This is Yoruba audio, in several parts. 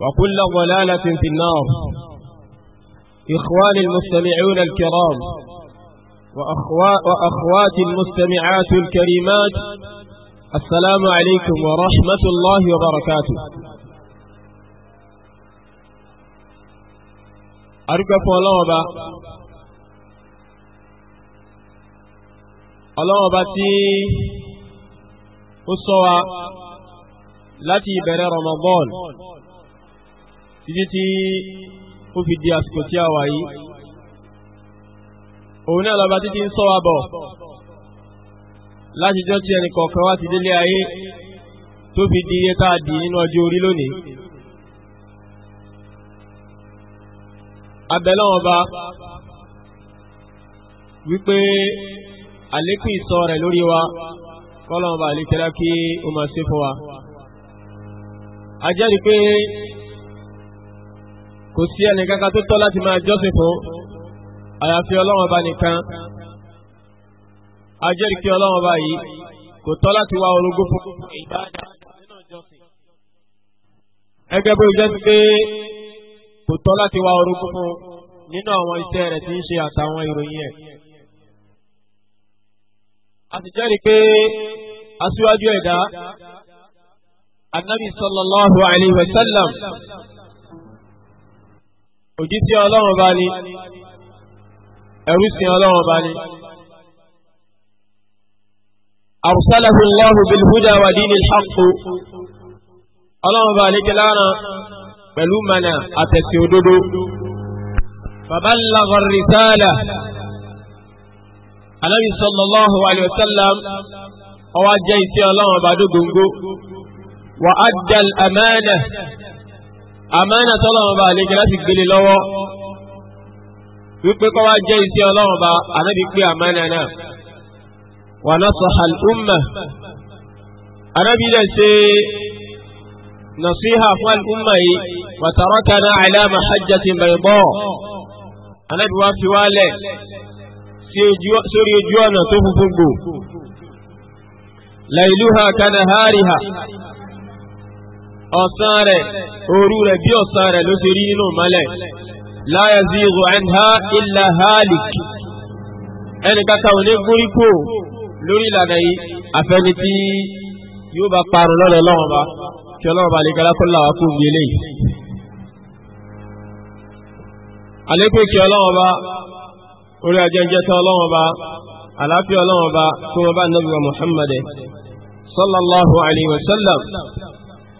وكل ضلالة في النار إخواني المستمعون الكرام وأخواتي المستمعات الكريمات السلام عليكم ورحمة الله وبركاته أرقف ولوبا ولوبا تي أصوى التي بر رمضان títí tí ó fi di àsìkò tí a wà yìí òun náà lọ́ba títí ń sọ wa bọ̀ láti jọ́ tí ẹnì kọ̀ọ̀kan wá ti délé ayé tó fi di iye tá a dì nínú ọjọ́ orí lónìí abẹ́lọ́wọ́n ba wípé àlékún ìsọ rẹ̀ lórí wa kọ́lọ́wọ́n àlékẹ́lá kí ó máa ṣe fún wa a jẹ́rìí pé kò sí ẹnì kankan tó tọ́ láti máa jọ́sìn fún àyàfi ọlọ́run ọba nìkan ajẹ́rìí kí ọlọ́run ọba yìí kò tọ́ láti wá orogún fún ìbáàdà nínú ìjọsìn. ẹgẹ́ bó jẹ́ pé kò tọ́ láti wá orogún fún nínú àwọn iṣẹ́ rẹ̀ tí ń ṣe àtàwọn ìròyìn ẹ̀. a pé aṣíwájú ẹ̀dá anabi sallallahu alayhi wa sallam òjíṣẹ́ ọlọ́run bá ní ẹrú sí ọlọ́run bá ní. أرسله الله بالهدى ودين الحق اللهم بارك لنا بلومنا أتسيودو فبلغ الرسالة النبي صلى الله عليه وسلم أوجه الله بعد وأدى الأمانة àmánà tọ́lọ́run bá àlejò láti gbélé lọ́wọ́ wípé kọ́ wá jẹ́ iṣẹ́ ọlọ́run bá ànábì pé àmánà náà wà nasaha al-umma ànábì dẹ̀ ṣe nasiha fún al-umma yìí wa tarakana ala mahajjatin bayda ànábì wá fi wálẹ̀ sórí ojú ọ̀nà tó funfun gbò layluha kanahariha ọ̀sán rẹ̀ òru rẹ̀ bí ọ̀sán rẹ̀ ló ṣe rí nínú mọ́lẹ̀ la yazigu anha illa halik ẹnìkata ò ní gúrí kò lórí ìlànà yìí àfẹni tí yóò bá parun lọ́dọ̀ lọ́wọ́ bá kí ọlọ́wọ́ bá lè galakọ́ làwà kó ń gbélé yìí. àlékún kí ọlọ́wọ́ bá orí ajẹ́jẹ́ tán ọlọ́wọ́ bá àlàáfíà ọlọ́wọ́ bá kó wọn bá nàbí wa muhammad sallallahu alayhi wa sallam.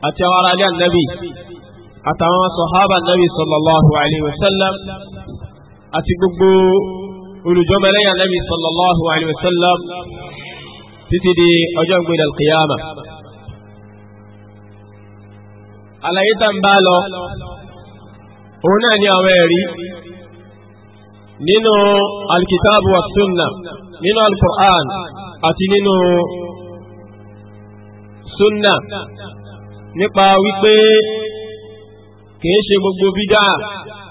àti àwọn ará ilé ànábì àtàwọn sọ̀hábà ànábì sallallahu alayhi wa sallam àti gbogbo olùjọ́mọlẹ́yìn ànábì sallallahu alayhi wa sallam títí di ọjọ́ ìgbéra al-qiyama. àlàyé tá ń bá lọ òun náà ni àwọn ẹ̀rí nínú alkitabu wa sunna nínú alkur'an àti nínú sunna nípa wípé kìí ṣe gbogbo bídà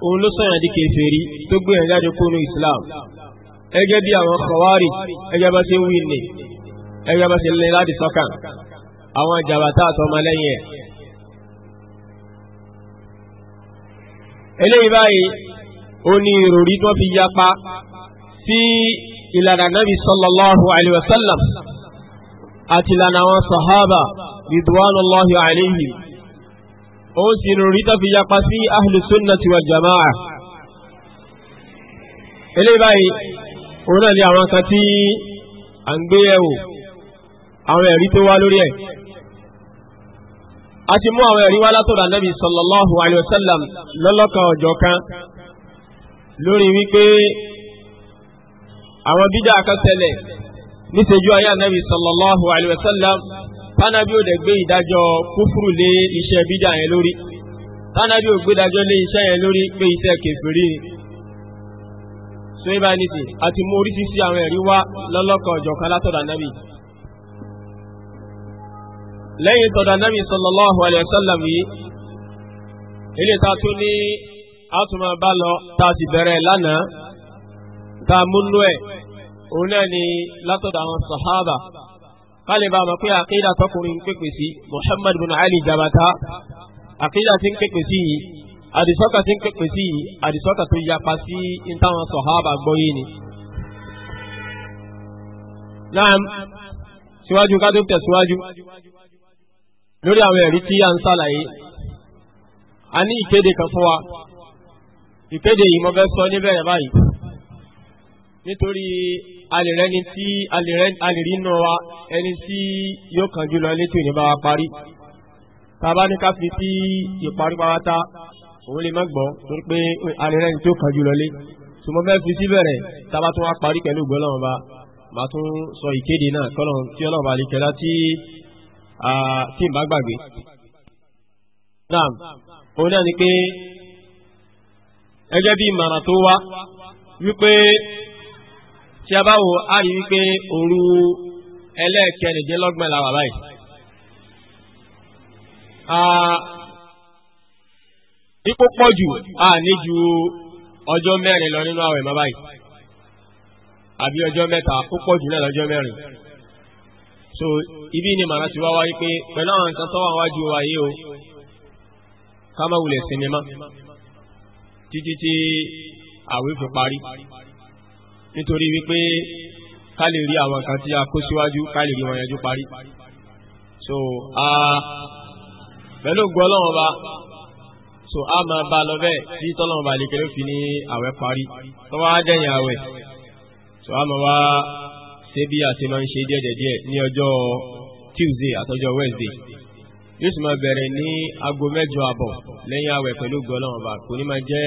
òun ló sọ̀yàn di kèfèrí tó gbé yàn jáde kúrò Islam ẹgẹ́ bí àwọn kọ̀wárì ẹgẹ́ bá ṣe wí nì ẹgẹ́ bá ṣe lé láti sọ́kàn àwọn jàbátà àtọmọlẹ́yìn ẹ̀. eléyìí báyìí ó ní ìròrí tó fi yapa sí ìlànà Nabi sallallahu alaihi wasallam àti ìlànà àwọn sahaba ridwanullahi alayhi ó sì rí tó fi yapa sí ahlu sunnati wal jama'a eléyìí báyìí òun náà ni àwọn kan tí à ń gbé yẹ̀wò àwọn ẹ̀rí tó wá lórí ẹ̀ a ti mú àwọn ẹ̀rí wá látọ̀dọ̀ Ànábì sallallahu alayhi wa sallam lọ́lọ́kan ọ̀jọ̀ kan lórí wípé àwọn bídà kan tẹ̀lẹ̀ níṣẹ́jú ayé Ànábì sallallahu alayhi wa sallam tánábí ò dẹ̀ gbé ìdájọ́ kúfúrú lé iṣẹ́ bídà yẹn lórí tánábí ò gbé ìdájọ́ lé iṣẹ́ yẹn lórí pé iṣẹ́ kèfèrí ni so ibà ní ti àti mú oríṣiríṣi àwọn ẹ̀rí wá lọ́lọ́kan ọ̀jọ̀kan látọ̀dọ̀ ànábì lẹ́yìn tọ̀dọ̀ ànábì sallallahu alaihi wasallam yìí ilé ta tún ní àtúmọ̀ bá lọ ta sì bẹ̀rẹ̀ lánàá ta múnú ẹ̀ òun náà ni látọ̀dọ̀ àwọn sàhábà kálí bá ma pé àkídà tọkùnrin pépè sí Muhammad bin Ali Jabata àkídà tí ń pépè sí yìí àdìsọ́kà tí ń pépè sí yìí àdìsọ́kà tó yapa sí ìtàwọn sọ̀hábà gbọ́yé ni. náà síwájú ká tó tẹ̀síwájú lórí àwọn ẹ̀rí tí a ń alèrè ẹni tí alèrè inú wa ẹni tí yóò kàn jùlọ létí òní bá wa parí tàbá ní ká fi sí ìparí pàwátá òun lè má gbọ́ torí pé alèrè ẹni tí ó kàn jùlọ lé tí mo fẹ́ fi sí bẹ̀rẹ̀ tàbá tún wá parí pẹ̀lú ògbọ́n náà bá màá tún sọ ìkéde náà kọ́nà tí ọlọ́run bá lè kẹ́lá tí tí n bá gbàgbé. òun náà ni pé ẹgẹ́ bí ìmọ̀ràn tó wá wípé tí a bá wo a rí wípé òru ẹlẹ́ẹ̀kẹrìndínlọ́gbọ̀n la wà báyìí. ipò pọ̀ jù a ní ju ọjọ́ mẹ́rin lọ nínú àwẹ̀ mọ́ báyìí àbí ọjọ́ mẹ́ta ó pọ̀ jù náà lọ́jọ́ mẹ́rin. so ibi ni màmá ti wá wáyé pé pẹ̀lú àwọn nǹkan tó wà wájú wa yìí o ká má wulẹ̀ sinimá títí tí àwẹ̀ fi parí nítorí wípé ká lè rí àwọn kan tí a kó síwájú ká lè rí wọn yanjú parí so pẹ̀lú ògùn ọlọ́run so a máa bá lọ bẹ́ẹ̀ tí tọ́lọ́run ọba lékeré fi ní àwẹ̀ parí tọ́wọ́ á dẹ̀yìn àwẹ̀ so a máa wá ṣe bí a ṣe máa ń ṣe díẹ̀díẹ̀ ní ọjọ́ Tuesday àtọjọ́ Wednesday yóò sì máa bẹ̀rẹ̀ ní aago mẹ́jọ àbọ̀ lẹ́yìn àwẹ̀ pẹ̀lú ògùn ọlọ́run kò ní máa jẹ́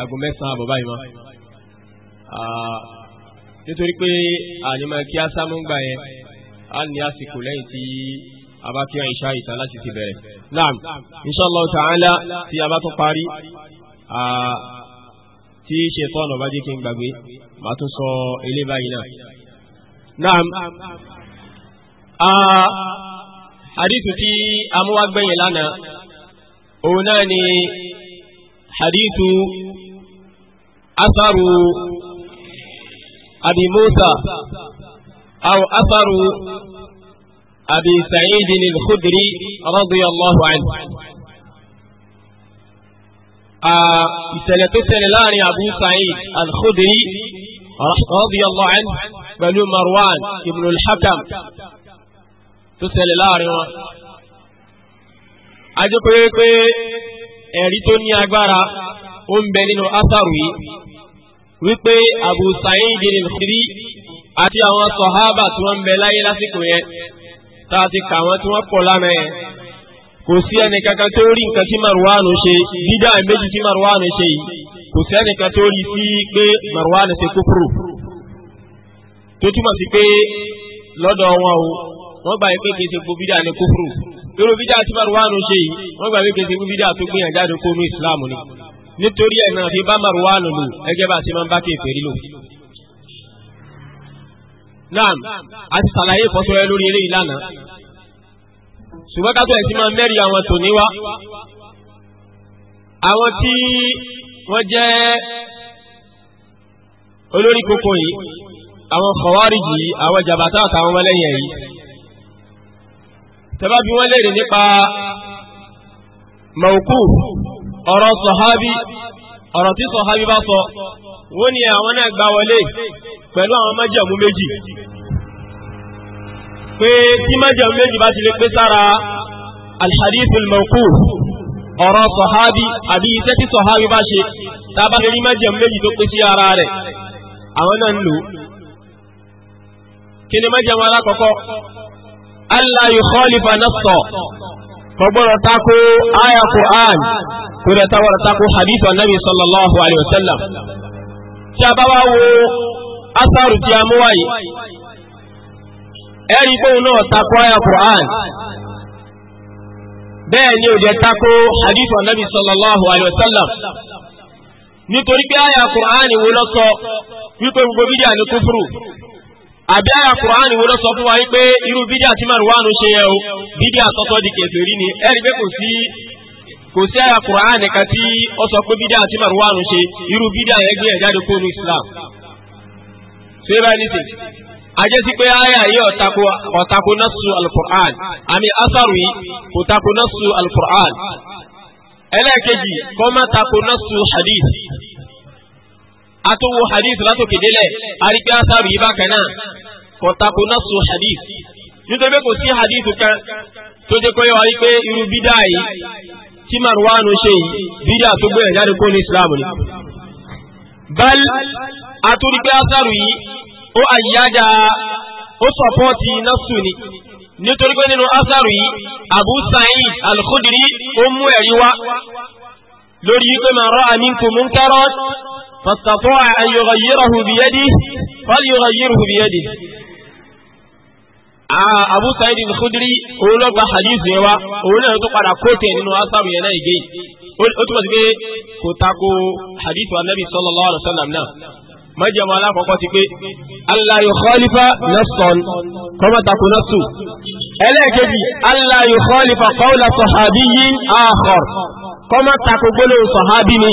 aago mẹ́sàn-án àbọ̀ báyìí mọ́ nítorí pé ànímọ̀ kí á sámú gbà yẹn á ní àsìkò lẹ́yìn tí a bá fi hàn ìṣá ìta láti ti bẹ̀rẹ̀. naam inshallah ta'ala tí a bá tún parí tí ṣètọ́nù bá jẹ́ kí n gbàgbé màá tún sọ ilé báyìí náà. naam hadithu tí a lánàá òun náà ni hadithu asaru. أبي موسى أو أثر أبي سعيد الخدري رضي الله عنه ìṣẹ̀lẹ̀ tó ṣẹlẹ̀ láàrin Abu Sa'id al-Khudri radiyallahu anhu pẹ̀lú Marwan ibn al-Hakam tó ṣẹlẹ̀ láàrin wọn. a jẹ́ pé pé ẹ̀rí tó ní agbára ó ń bẹ nínú asaru yìí wípé Abu Sa'id al-Khudri àti àwọn sọ̀hábà tí wọ́n ń bẹ láyé lásìkò yẹn tá a ti kà wọ́n tí wọ́n pọ̀ lánàá yẹn kò sí ẹnìkankan tó rí nǹkan tí Marwan ṣe dídá méjì tí Marwan ṣe yìí kò sí ẹnìkan tó rí sí pé Marwan ṣe kúkúrú tó túmọ̀ sí pé lọ́dọ̀ wọn o wọ́n gbà pé kìí ṣe gbogbo bídà ní kúkúrú irú bídà tí Marwan ṣe yìí wọ́n gbà pé kìí ṣe gbogbo bídà tó gbìyànjú nítorí ẹ̀ náà fi bá Marwanu lò ẹgẹ́ bá a ti máa ń bá kèfèrí lò. naam a ti sàlàyé ìfọ́sọ̀rọ̀ lórí eré ìlànà ṣùgbọ́n ká tó ẹ̀ sí máa mẹ́rin àwọn tòní wá àwọn tí wọ́n jẹ́ olórí kókó yìí àwọn Khawarij yìí àwọn jàbátà àtàwọn ọmọlẹ́yìn yìí tẹ́bá bí wọ́n léèrè nípa mọ̀ọ́kù ọ̀rọ̀ sọ̀hábí ọ̀rọ̀ tí sọ̀hábí bá sọ wọ́n ní àwọn náà gbà wọlé pẹ̀lú àwọn májẹ̀mú méjì pé tí májẹ̀mú méjì bá ti lè pé sára alhadithul mọ̀kú ọ̀rọ̀ sọ̀hábí àbí iṣẹ́ tí sọ̀hábí bá ṣe kí ni májẹ̀mú alákọ̀ọ́kọ́ allah yukhalifa nafsa kọgbọ́rọ̀ tako aya Qur'an kò dẹ̀ tàwọ̀rọ̀ tako hadith annabi sallallahu alaihi wasallam tí a bá wá wo asaru tí a mú wáyé ẹ̀rí pòun náà tako aya Qur'an bẹ́ẹ̀ ni ò dẹ̀ tako hadith annabi sallallahu alaihi wasallam nítorí pé aya Qur'an wo lọ́sọ wípé gbogbo bídíà ní kúfúrú àbí àyà Kùránì wo ló sọ fún wa yìí pé irú bídíà tí Marwan ṣe yẹ o bídíà tọ́tọ́ di kèfèrí ni ẹ̀rí pé kò sí kò sí àyà Kùránì kan tí ó sọ pé bídíà tí Marwan ṣe irú bídíà yẹn gbé ẹ̀jáde kó nu Islam. ṣé báyìí ní sè àjẹsí pé àyà yìí ọ̀tako ọ̀tako nasu al-Qur'an àmì asaru yìí kò tako nasu al-Qur'an ẹlẹ́ẹ̀kejì kọ́ má tako nasu hadith atówó hadith látòkè délẹ̀ arígbé asáàrù yìí bákan náà kọ̀tàkù náà sọ hadith nítorí pé kò sí hadith kan tó jẹ́ kọ́yọ́ wáyé pé irú bídà yìí Marwanu ṣe yìí bídà tó gbé ẹ̀jáde kó ní Islam ni. bal atúrígbé asáàrù yìí ó àyíyájà ó sọ̀pọ́ọ̀tì náà sùn ni nítorí pé nínú asáàrù yìí Abu Sa'id al-Khudri ó mú ẹ̀rí wá lórí yìí pé man ra'a minkum فاستطاع أن يغيره بيده فليغيره بيده Abu Sa'id al-Khudri òun ló gba hadith yẹn wa òun náà tó padà kóòtù nínú asaru yẹn náà ìgé ó túmọ̀ sí pé kò tako hadith wa nabi sallallahu alaihi wa sallam náà májèmọ́ alákọ̀ọ́kọ́ ti pé Allah yukhalifa nassan kọ́mọ́ tako nassu ẹlẹ́ẹ̀kejì Allah yukhalifa qawla sahabiyyin akhar kọ́mọ́ tako gbólóhùn sahabi ni.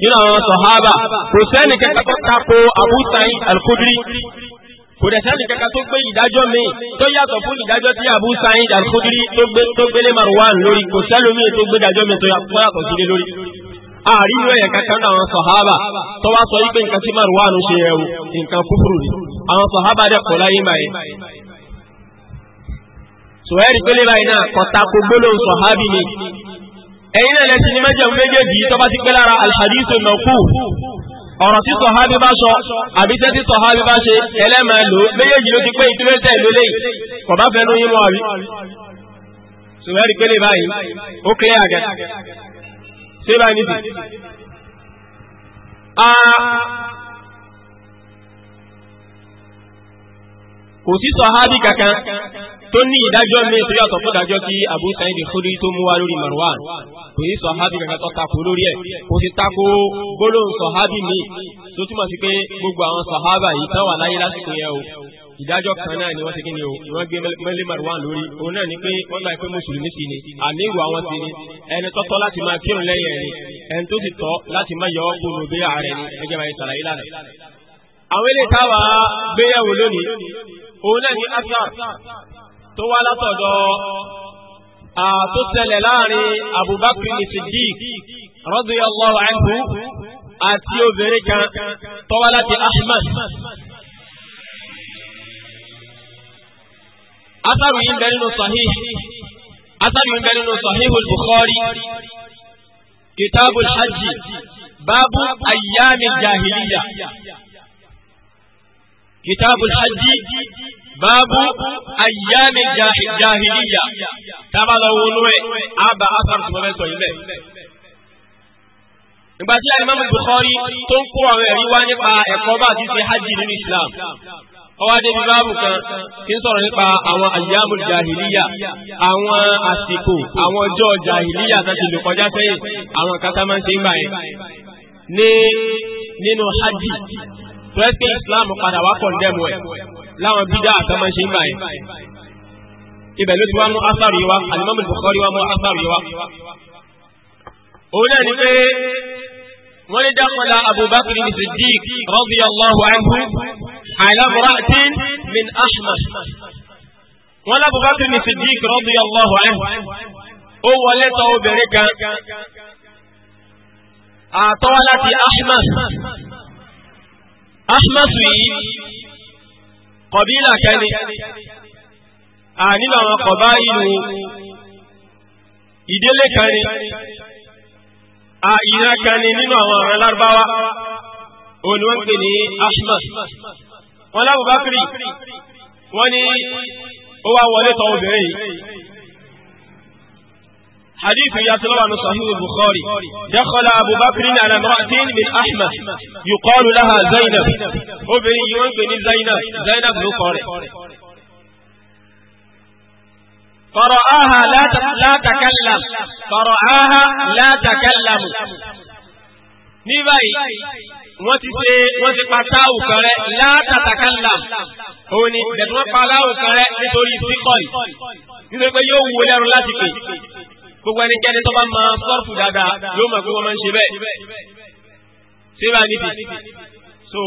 nínú àwọn sọ̀hábà kò sẹ́ni kẹ́kẹ́ tó tako Abu Sa'id al-Khudri kò dẹ̀ sẹ́ni kẹ́kẹ́ tó gbé ìdájọ́ míì tó yàtọ̀ fún ìdájọ́ tí Abu Sa'id al-Khudri tó gbélé Marwan lórí kò sẹ́lómi tó gbé ìdájọ́ míì tó yàtọ̀ sílé lórí àrínú ẹ̀yẹ kankan náà àwọn sọ̀hábà tó wá sọ wípé nǹkan tí Marwan ṣe ẹ̀wù nǹkan kúfùrù ni àwọn sọ̀hábà dẹ̀ kọ̀ láyé máa yẹ. sọ̀hẹ́rì pélé báyìí náà kọ̀tà ẹ̀yin náà lẹ́sìn ní mẹ́jẹ̀mú méjèèjì tó bá ti pẹ́ lára alhadithu mọ̀kú ọ̀rọ̀ tí sọ̀hábí bá sọ àbí tẹ́ tí sọ̀hábí bá ṣe ẹlẹ́màá lò méjèèjì ló ti pé ìtúrẹ́sẹ̀ ló léyìí kò bá fẹ́ pélé báyìí ó kílẹ̀ àgẹ́ ṣé báyìí nìdí. kò sí sọ̀hábí kankan tó ní ìdájọ́ mi tó yàtọ̀ fún ìdájọ́ tí Abu Sa'id Khudri tó mú wá lórí Marwan kò sí sọ̀hábì kankan tó takò lórí ẹ̀ kò sì takò gbólóhùn sọ̀hábì mi tó túmọ̀ sí pé gbogbo àwọn sọ̀hábà yìí tán wà láyé lásìkò yẹn o ìdájọ́ kan náà ni wọ́n ti kí ni o wọ́n gbé mẹ́lẹ́ Marwan lórí òun náà ni pé wọ́n gbà pé mùsùlùmí sì ni àníwò àwọn sì ni ẹni tọ́tọ́ láti máa kírun lẹ́yìn ẹni ẹni ni ẹgbẹ́ tó wá látọ̀dọ̀ tó ṣẹlẹ̀ láàrin Abubakar Siddiq radiyallahu anhu àti obìnrin kan tó wá láti Ahmad. Asaru yìí ń bẹ nínú Sahih. Asaru yìí bẹ nínú Sahih al-Bukhari. Hajj. Babu Ayyamil Jahiliya. Kitabul Hajj báàbù ayyámi jahiliya tábà lọ wo lórí àbá afárá tó bẹ́ẹ̀ sọ yìí bẹ́ẹ̀. Nígbà tí alimami Bukhari tó ń kó àwọn ẹ̀rí wá nípa ẹ̀kọ́ bá ti ṣe hajj nínú Islam ọwá débi báàbù kan tí ń sọ̀rọ̀ nípa àwọn àyàmù jahiliya àwọn àsìkò àwọn ọjọ́ jahiliya láti lò kọjá sẹ́yìn àwọn kata máa ń ṣe ń gbà yẹn ní nínú hajj tó ẹ́ pé Islam padà wá kọ̀ndẹ́mù ẹ̀ láwọn bídá àtàmọ́ ṣe ń báyìí ibẹ̀ ló ti wá mú asárì wa alimami Bukhari wa mú asárì wa. òun náà ni pé wọ́n lè dákọ̀lá Abubakar ní Siddiq radiyallahu anhu ala imra'atin min ahmar. wọ́n lé Abubakar ní Siddiq radiyallahu anhu ó wọlé tọ́ obìnrin kan àtọ́wá láti ahmar. ahmar yìí kọ̀bílà kẹ́ni à nínú àwọn kọ̀bá ìlú ìdílé kẹ́ni à ìran kẹ́ni nínú àwọn ọ̀rẹ́ lárúbáwá òun wọ́n pè ní ashmas wọn lábùbákiri wọ́n ní ó wá wọlé tọ́ obìnrin حديث يا سلام صحيح البخاري دخل أبو بكر على امرأة من أحمد يقال لها زينب وبني يوم زينب زينب بن فرآها لا لا تكلم فرآها لا تكلم ní báyìí wọ́n ti ṣe wọ́n ti pa táwù kan rẹ látàtàkàlà òun ni bẹ̀tún pa láwù kan rẹ nítorí síkọ̀lì nítorí pé yóò wú lẹ́rù láti pè gbogbo ẹnikẹ́ni tó bá máa sọ́ọ̀fù dáadáa yóò mọ̀ pé wọ́n ń ṣe bẹ́ẹ̀ ṣé bá níbi so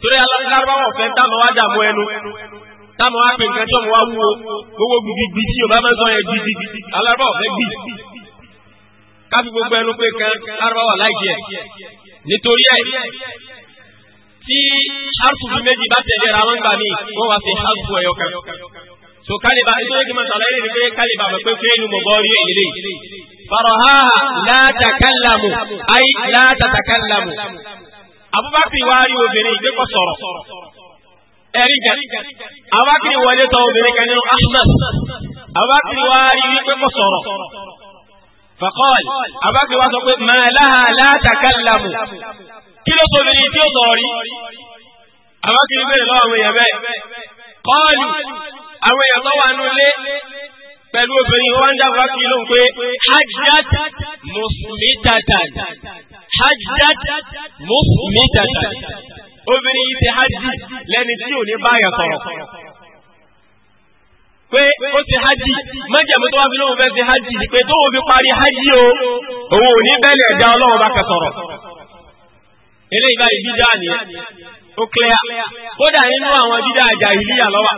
torí alárúbáwọ̀ fẹ́ táwọn wá dààmú ẹnu táwọn wá pè nǹkan tí wọ́n wá wúwo gbogbo gbìgbì tí yorùbá máa ń sọ yẹn gbìgbì alárúbáwọ̀ fẹ́ gbì káfí gbogbo ẹnu pé kan alárúbáwọ̀ láìkí nítorí ẹ̀ tí arúgbó méjì bá tẹ̀lé ra wọn gbà mí wọ́n wá sí arúgbó ẹ̀yọ kan so kálíbà ètò yẹ kí máa sàlàyé ni pé kálíbà mọ̀ pé fẹ́ẹ́ nu mọ̀ bọ́ rí èlé farahaha látàkàlámù ayi látàkàlámù abubakar wá rí obìnrin ìgbẹ́kọ̀ sọ̀rọ̀ ẹ̀rí gan abubakar wọlé tọ̀ obìnrin kan nínú ahmed abubakar wá rí ìgbẹ́kọ̀ sọ̀rọ̀ faqal abubakar wá sọ pé màláha látàkàlámù kí ló tóbi ní tí ó sọ̀rọ̀ rí àwọn èèyàn tó wà nù lé pẹ̀lú obìnrin wọn ń dábàá kí ló ń pé hajjat mùsùlùmí dandan hajjat mùsùlùmí dandan obìnrin yìí ti hajj lẹ́ni tí ò ní báyà sọ̀rọ̀ pé ó ti hajj mọ́jàmú tó wá fi lóun fẹ́ ti hajj ni pé tóun fi parí hajj o òun ò ní bẹ́ẹ̀ lè ọlọ́run bá kẹ sọ̀rọ̀ eléyìí báyìí dídá nìyẹn ó clear kódà nínú àwọn dídá àjà ìlíyà lọ́wọ́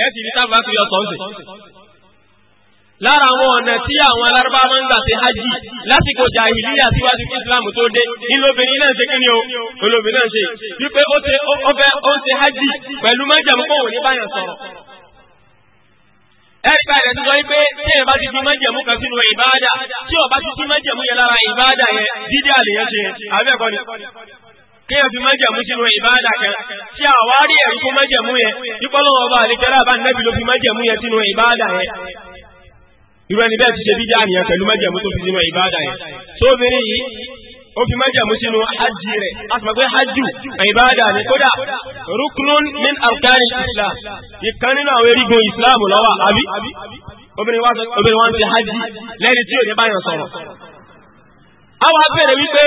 ẹ sì rí tábà tó yọ sọ́ọ̀sì. lára àwọn ọ̀nà tí àwọn alárúbá máa ń gbà ṣe hajj lásìkò jàhílíyà síwájú kí islam tó dé nínú obìnrin náà ṣe kíni o olóbìnrin náà ṣe wípé ó ṣe ó fẹ́ ó ń ṣe hajj pẹ̀lú májàmú kò wò ní báyàn sọ̀rọ̀. ẹ̀ka rẹ̀ ti sọ wípé téèyàn bá ti fi májàmú kan sínú ìbáadà tí ó ti fi májàmú yẹn lára ìbáadà yẹn dídí àlè yẹn ṣe àbẹ́ẹ̀kọ́ kéèyàn fi májẹ̀mú sínú ìbáàdà kan tí àwárí ẹ̀rí fún májẹ̀mú yẹn nípa lọ́wọ́ ọba àlejòrò àbá nẹ́bí ló fi májẹ̀mú yẹn sínú ìbáàdà yẹn irú ẹni bẹ́ẹ̀ ti ṣe bíjà nìyẹn pẹ̀lú májẹ̀mú tó fi sínú ìbáàdà yẹn sóbìnrin yìí ó fi májẹ̀mú sínú hajj rẹ̀ a sì mọ̀ pé hajj ìbáàdà ni kódà rukunun min arkani islam ìkan nínú àwọn erigun islam ló àbí obìnrin wa ń ṣe hajj lẹ́ni tí ò ní báyọ̀ sọ̀rọ̀ àwọn abẹ́rẹ́ wípé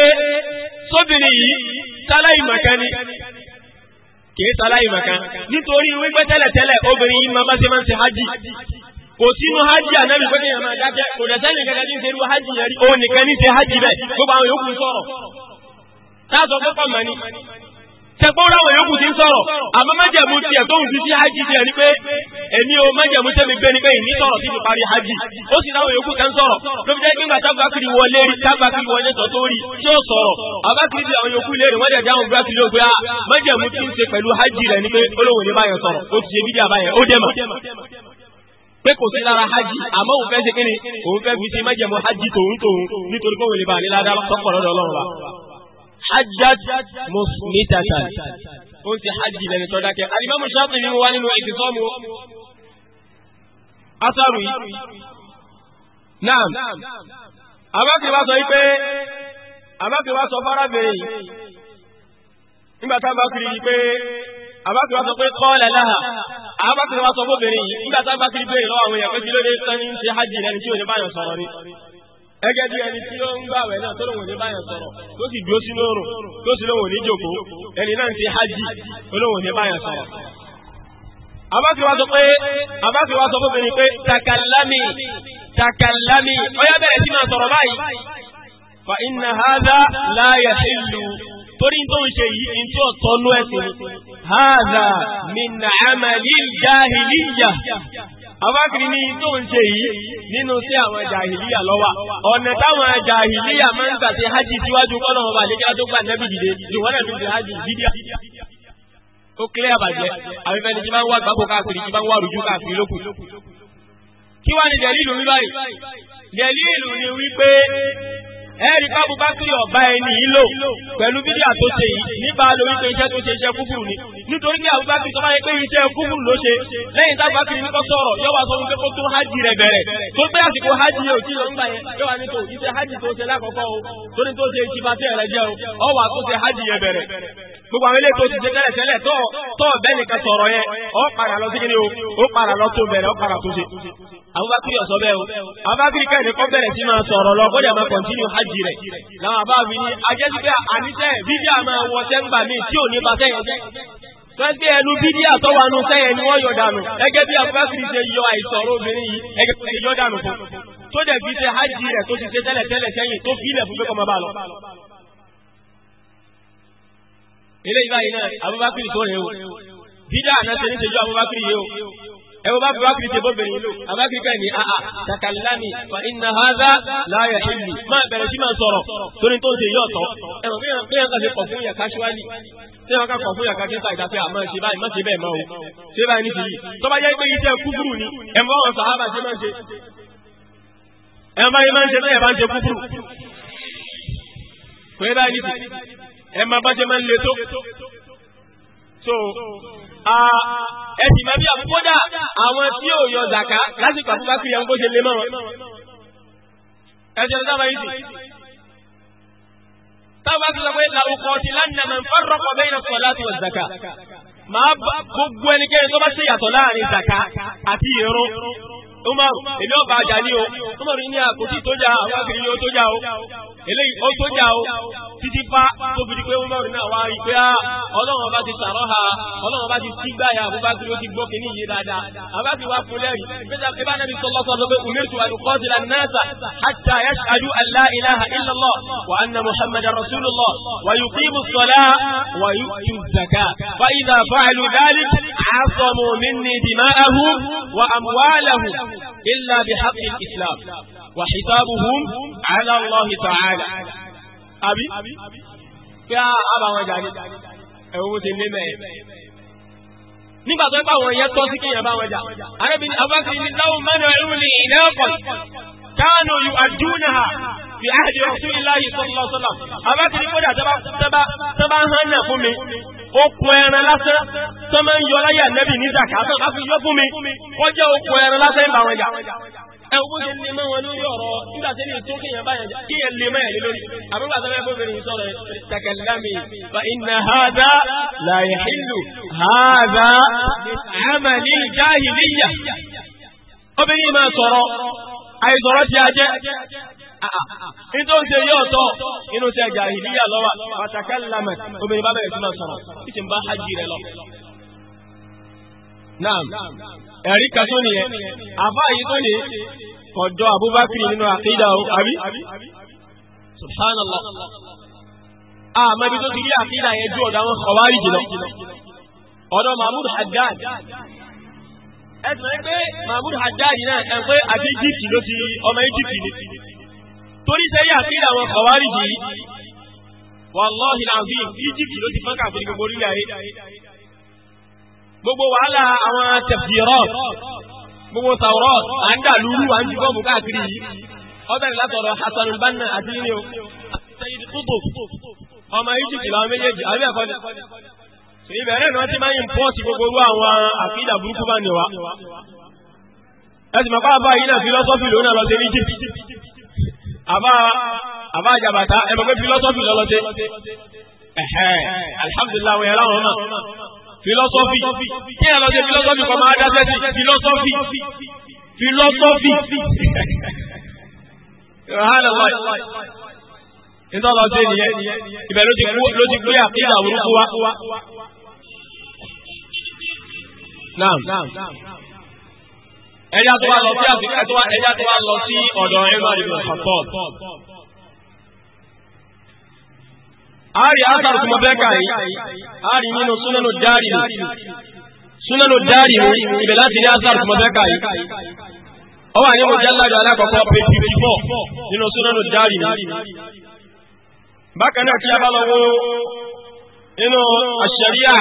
sóbìnrin yìí sáláì màkán ni kìí sáláì màkán nítorí wípé tẹ́lẹ̀tẹ́lẹ̀ obìnrin yìí máa bá ṣe máa se ṣe hajj kò sínú hajj ànábì pé kéèyàn máa dákẹ́ kò dẹ̀ sẹ́yìn kankan tí ń ṣe irú hajj yẹn rí òun tẹ̀gbọ́nra wọ̀nyí kù ti ń sọ̀rọ̀ àmọ́ májẹ̀mú tiẹ̀ tó ń fi sí hajj tiẹ̀ ni pé èmi o májẹ̀mú tẹ̀mí gbé ni pé ìní sọ̀rọ̀ sí parí hajj ó sì láwọn yòókù tẹ̀ ń sọ̀rọ̀ ló jẹ́ pé nígbà wọlé rí tábàkiri wọlé tọ̀ tó rí tí ó sọ̀rọ̀ àbákiri ti àwọn yòókù léèrè wọ́n àwọn gbàkiri ó gbé a ah, májẹ̀mú ti ń ṣe pẹ̀lú hajj rẹ̀ ni pé olówó ni pé kò sí lára hajj àmọ́ òun fẹ́ ṣe kí ni òun fẹ́ fi ṣe hajj tòun tòun a hajjat musmitatan ó ń ṣe hajj lẹ́ni tó dákẹ́ alimami shafi ni mo wá nínú ìtìsọ́mu asaru yìí naam abákiri wá sọ yìí pé abákiri wá sọ fárábìnrin yìí nígbà tá a bá kiri yìí pé abákiri wá sọ pé kọ́ọ̀lẹ̀ láhà abákiri wá sọ fóbìnrin yìí nígbà tá a bá kiri pé ìlọ́wọ́ àwọn èèyàn pé kí ló dé sani ṣe hajj lẹ́ni tí ò ní báyọ̀ sọ̀rọ̀ ni gẹ́gẹ́ bí ẹni tí ó ń gbàwẹ̀ náà tó lòun ò ní báyàn sọ̀rọ̀ tó sì dúró sínú oòrùn tó sì lòun ní jòkó ẹni náà ń hajj tó lòun ní báyàn sọ̀rọ̀. àbáfi sọ pé àbáfi sọ fún mi ni pé takalami takalami ọyá bẹ̀rẹ̀ sí máa sọ̀rọ̀ báyìí. fa inna hadha la yahillu torí tó ń ṣe yìí tí ó tọ́nú ẹ̀sìn ni hadha min amalil jahiliya abákiri ní tó ń ṣe yìí nínú sí àwọn jàhìlíyà lọ́wà ọ̀nà táwọn jàhìlíyà máa ń gbà ṣe hajj síwájú kọ́nà ọba àdékẹ́lá tó gbà nẹ́bí dìde ìwọ́n náà fi ṣe hajj dídíà ó kílẹ̀ àbàjẹ́ àbífẹ́ ni tí bá ń wá gbàgbọ́ káàkiri tí bá ń wá rújú káàkiri lókù. kí wá ni dẹ̀lílù mi báyìí dẹ̀lílù ni wípé ẹ̀rí pábù bákìrì ọ̀bá ẹni yìí lò pẹ̀lú bídíà tó ṣe yìí nípa lórí pé iṣẹ́ tó ṣe iṣẹ́ kúkúrú ni nítorí ní àbúbákìrì tó bá pé iṣẹ́ kúkúrú ṣe lẹ́yìn tá ní wá sọ wípé kó tó hajj rẹ̀ bẹ̀rẹ̀ tó pé àsìkò hajj yóò yẹn wá iṣẹ́ hajj tó ṣe o o gbogbo àwọn eléyìí tó ti ṣe tẹ́lẹ̀ tẹ́lẹ̀ tọ́ tọ́ bẹ́ẹ̀ nìkan sọ̀rọ̀ yẹn ọ padà lọ sí kí ni o ó abubakar ọ̀sọ́ bẹ́ẹ̀ o abubakar kẹ́ni kọ́ bẹ̀rẹ̀ sí máa sọ̀rọ̀ lọ kó dẹ̀ máa kọ̀ntínú hajj rẹ̀ làwọn àbá mi ní ajẹ́sígbẹ́ àníṣe bíbí àmọ́ wọ sẹ́ńgbà mi tí ò ní ba sẹ́yìn jẹ́ tọ́sí ẹnu bíbí àtọ́wanu sẹ́yìn ni wọ́n yọ dànù gẹ́gẹ́ bí abubakar ṣe yọ àìsọ̀rọ̀ obìnrin yìí gẹ́gẹ́ bí yọ dànù fún tó dẹ̀ fi ṣe hajj rẹ̀ tó ti ṣe tẹ́lẹ̀ tẹ́lẹ̀ sẹ́yìn tó fi ilẹ̀ fún pé kọ́ máa bá lọ. eléyìí báyìí náà abubakar tó rẹ̀ o bídà náà ṣe ní ṣe yọ abubakar yìí o ẹ wọ́n bá bá kiri ṣe bọ́bìnrin lò àbákiri ká ní àà takallami fa inna hadha la yahillu máa bẹ̀rẹ̀ sí máa sọ̀rọ̀ torí tó ń ṣe yọ̀tọ̀ ẹ̀rọ bí wọ́n kàn ṣe kọ̀ fún yàká ṣíwájú tí wọ́n kàn kọ̀ fún yàká kí n ṣàìdá pé àmọ́ ṣe báyìí má ṣe bẹ́ẹ̀ mọ́ o ṣe báyìí ní tìyí tó bá jẹ́ pé iṣẹ́ kúkúrú ni ẹ̀ ẹ sì máa bí àbúkọ́dà àwọn tí ò yọ zàká lásìkò àti bákìrì àwọn bó ṣe lè mọ́ wọn. ẹ jẹ́ ọ̀dọ́ àbáyé sì. táwọn bá sọ pé làwùkọ́ ti lánàmọ̀ fọ́rọ́kọ̀ bẹ́ẹ̀ náà sọ láti wọ zàká. máa gbogbo ẹnikẹ́ni tó bá ṣe yàtọ̀ láàrin zàká àti ìrun umaru èmi ọba àjà ni o umaru ní àkótí tó jà àwọn akiri ni ó tó jà o eléyìí ó sójà o títí fa tó fi di pé Umaru náà wá rí pé á ah, ọlọ́run ọba ti sàrọ́ ha ọlọ́run ọba ti sígbà ya Abubakar ó ti gbọ́ kí ní iye dáadáa abáfi wá fún lẹ́rìí ìgbésà pé báyìí nàbí sọlọ́sọ sọ pé umirtu an uqatila an-nasa hatta yashhadu an la ilaha illallah wa anna muhammadan rasulullah wa yuqimu as-salah wa yu'tu az-zakah fa idha fa'alu dhalik minni dima'ahum wa amwalahum illa bihaqq al-islam wa hisabuhum ala Allah ta'ala àbí pé a bá wọn jà ní ẹ̀wọ̀n bó ti lé mẹ́ẹ̀. nígbà tó ń bá wọn yẹn tọ́ sí kíyàn bá wọn jà arábìn abáṣe ní láwọn mẹ́rin ẹ̀rù ní ìlẹ́ọ̀kọ̀ káànù yóò àdúnà ha fi àhàdì ọ̀tún iláyìí sọ́lọ́sọ́lọ́ abáṣe ní kódà tẹ́bá hàn náà fún mi okùn ẹran lásán tó máa ń yọ láyé ànẹ́bì ní zaka tó bá fi yọ fún mi kọjá okùn ẹran lásán ń bá ẹ wo bó ṣe lè mọ́ wọn lórí ọ̀rọ̀ nígbà tí ènìyàn tó kéèyàn báyàn kéèyàn lè mọ́ ẹ̀lẹ́ lórí àbúrò àtàwọn ẹgbẹ́ obìnrin sọ̀rọ̀ takallami fa inna hadha la yahillu hadha amali jahiliya obìnrin máa sọ̀rọ̀ àìsọ̀rọ̀ ti ajẹ́ nítorí yóò tọ́ inú ṣe jahiliya lọ́wọ́ fatakallama obìnrin bá bẹ̀rẹ̀ sí máa sọ̀rọ̀ naam ẹ̀rí kan tó nìyẹn àbá yìí tó ní ọ̀dọ̀ Abubakar nínú àkídà o àbí subhanallah àmọ́bi tó ti rí àkídà yẹn ju ọ̀dọ̀ àwọn kọ̀wárì jìnnà ọ̀dọ̀ Mahmud Haddad ẹ̀sìn ẹ pé Mahmud Haddad náà ẹ̀ pé àti Íjíbítì ló ti ọmọ Íjíbítì ni torí sẹ́yìn àkídà àwọn kọ̀wárì yìí wàlláhi làbí Íjíbítì ló ti fọ́nkà fún gbogbo orílẹ̀ ayé gbogbo wàhálà àwọn tafsirat gbogbo tawrat à ń dàlúrú à ń jí bọ́ọ̀bù káàkiri yìí ọbẹ̀rẹ̀ látọ̀rọ̀ Hasan al-Banna àti ní o Sayyid Qutb ọmọ Egypt làwọn méjèèjì àbí ẹ̀kọ́ ni ìbẹ̀rẹ̀ náà ti máa ń pọ́ọ̀tì gbogbo orú àwọn àkídà burúkú bá ní wa ẹ̀sìn mọ̀ pàápàá yìí náà fílọ́sọ́fì lòun náà sí Egypt àbá àbá àjàbàtà ẹ̀mọ̀ fílọ́sọ́fì lọ́lọ́sẹ̀ ẹ̀hẹ́ alhamdulillah wẹ̀yẹ̀ láwọn náà philosophy kí ẹ lọ sí philosophy kọ́ máa dá sẹ́sì philosophy philosophy rahanawa nítorí ọlọ́run ṣe nìyẹn ibẹ̀ ló ti gbé àkíyà burúkú wa. Naam. Ẹja tó wá lọ sí àbíká tó wá ẹja tó wá lọ sí ọ̀dọ̀ ẹ̀rọ àdìgbò Khattab ari asaru kuma bẹ́ẹ̀ kà yìí ari nínú súnánù dárì nù súnánù dárì nù ibẹ̀ láti rí asaru kuma bẹ́ẹ̀ kà yìí ó wà ní mujalladu alákọ̀ọ́kọ́ page fifty four nínú súnánù dárì nù bákan náà tí a bá lọ wo nínú àṣẹríà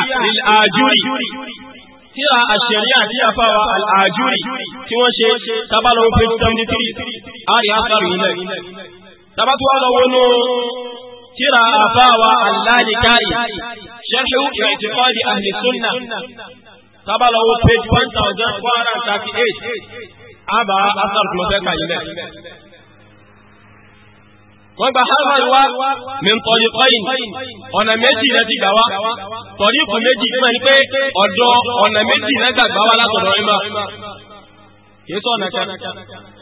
àjúrì tí a àṣẹríà tí a fà wá àjúrì tí wọ́n ṣe tábàlọ́wọ́ page seventy three ari asaru yìí náà tábàtúwà lọ́wọ́ nù tíra àbáwa aláàlìkárì ṣẹ́ṣẹ́ ìrètíkọ́ọ̀dì àhìlẹ́sùnà tábàlọ́wọ́ page one thousand four hundred and thirty eight àbá asar kùlọ́sẹ́kà yìí náà. wọ́n gba harvard wá mìntọ́lì kọ́yìn ọ̀nà méjì náà ti gbà wá tọ́lífù méjì fún ẹni pé ọ̀dọ́ ọ̀nà méjì náà gbàgbá wá látọ̀dọ̀ ìmọ̀ kìí sọ̀nà kan.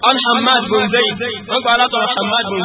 an hamad wọ́n gba látọ̀dọ̀ hamad bin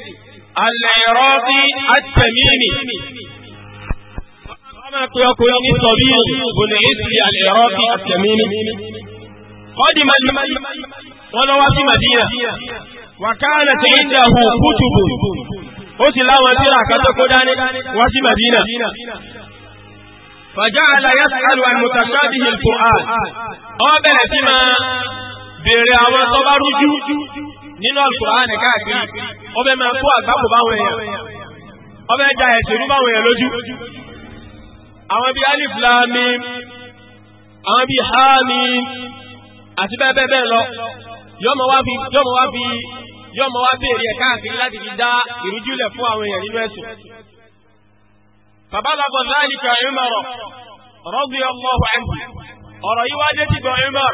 Al-Iraqi At-Tamimi. Wọ́n máa pe ọkùnrin ní Sọ̀bí òní ìsì Al-Iraqi At-Tamimi. Kọ́dì Màdínà. Wọ́n lọ wá Wàkánà ti ń dàhù kútùbù. Ó sì láwọn tí àkàtọ́ dání wá sí Màdínà. فجعل يسأل عن متشابه القرآن. Ó bẹ̀rẹ̀ nínú àlùkùránì káàkiri ọbẹ̀ máa kó àgbákò báwọn èèyàn ọbẹ̀ da ẹ̀sìn rú báwọn èèyàn lójú àwọn bíi alif láàmì àwọn bíi háàmì àti bẹ́ẹ̀ bẹ́ẹ̀ bẹ́ẹ̀ lọ yọmọ wá fi yọmọ wá fi yọmọ wá béèrè ẹ̀ káàkiri láti fi dá ìrújúlẹ̀ fún àwọn èèyàn nínú ẹ̀sùn. bàbá làbọ̀ láàyè kà ń mọ̀rọ̀ rọ́gbìn ọmọ ọ̀hún ọ̀rọ̀ yìí wá dé ti gbọ́ Umar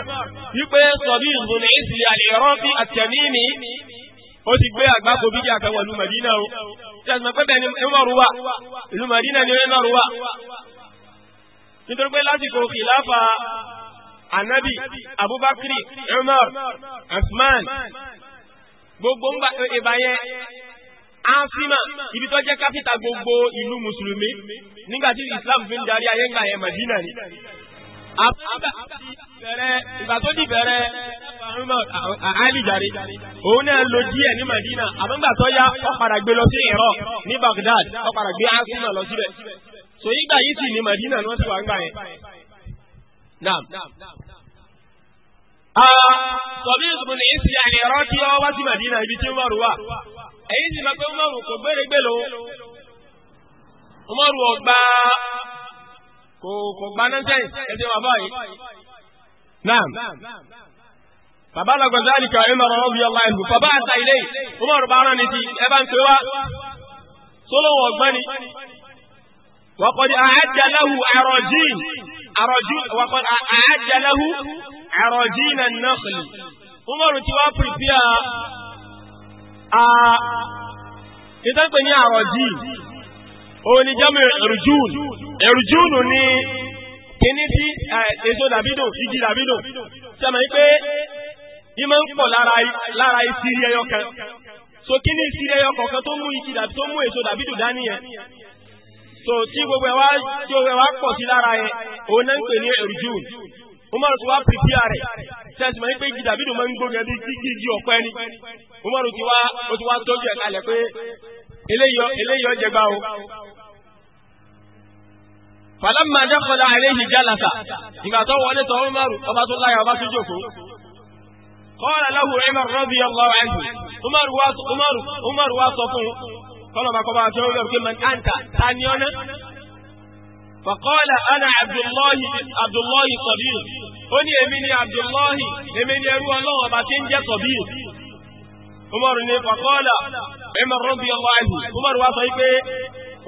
wípé sọ̀bí ìzùnì ìsì àlèrọ́fí àtẹ̀míìmì ó ti gbé àgbákò bíjà kan wọ̀lú Madina o tí a sọ pé bẹ́ẹ̀ ni Umar wà ìlú Madina ni Umar wà nítorí pé lásìkò kìláfà anabi Abubakri Umar Usman gbogbo ńgbà ìbá yẹn asima ibi tó jẹ́ kápítà gbogbo ìlú mùsùlùmí nígbà tí fi ń darí ayé ńgbà yẹn Madina ni. apụgba bẹ̀rẹ̀ bẹrẹ tó òun náà lo díẹ̀ ní Madina àmọ́gbà tó yá ó gbé lọ sí Iraq ní Baghdad ó gbé asuna lọ so ìgbà yìí sì Madina ni wọ́n wà ń gbà yẹn. Sọ̀bí ìsìnkú ní ìsìn Madina ibi tí Umaru wà. Èyí sì máa pé Umaru kò gbére gbé kò kò gba nẹ́ńtẹ́ǹsì ẹ̀dẹ̀ bàbá yìí. naam bàbá lọ́gọ̀dọ̀ àlìkà Umar radiyallahu anhu bàbá àtà ilé Umar bá rán ni ti ẹ bá ń pè wá sólówó ọ̀gbẹ́ni. وقد أعد له أراجين أراجين وقد أعد له أراجين النخل Umar ti wá prepare a ìtàn pè ní àròjì òun ni jẹ́mi rìjúùn ẹ̀rùjúùnù ni kíní tí èso dàbídò igi dàbídò sẹ́mi pé ní máa ń pọ̀ lára ìsírí ẹyọ kan so kíní ìsírí ẹyọ kọ̀ọ̀kan tó mú igi dàbí tó mú èso dàbídò dání yẹn so tí gbogbo ẹ wá tí gbogbo ẹ wá pọ̀ sí lára yẹn òun náà ń pè ní ẹ̀rùjúùnù ó máa ń tó wá pìpìà rẹ̀ sẹ́sì máa ń pé igi dàbídò máa ń gbóngẹ bí igi igi ọ̀pẹ ni ó máa ń tó wá kalẹ̀ pé eléyọ̀ eléyọ̀ jẹgba o falamma dakhala alayhi jalasa ìgbà tó wọlé tó Umaru ọba tó láyà ọba tó jókòó qala lahu Umar radiyallahu anhu Umaru wá Umaru Umaru wá sọ fún kọ́nà bá kọ́ba àti Umaru kí man anta tani ọ̀nà faqala ana Abdullahi Abdullahi Sabir ó ní èmi ni Abdullahi èmi ni ẹrú ọlọ́wọ́ ọba tí ń jẹ́ Sabir Umaru ní faqala Umar radiyallahu anhu Umaru wá sọ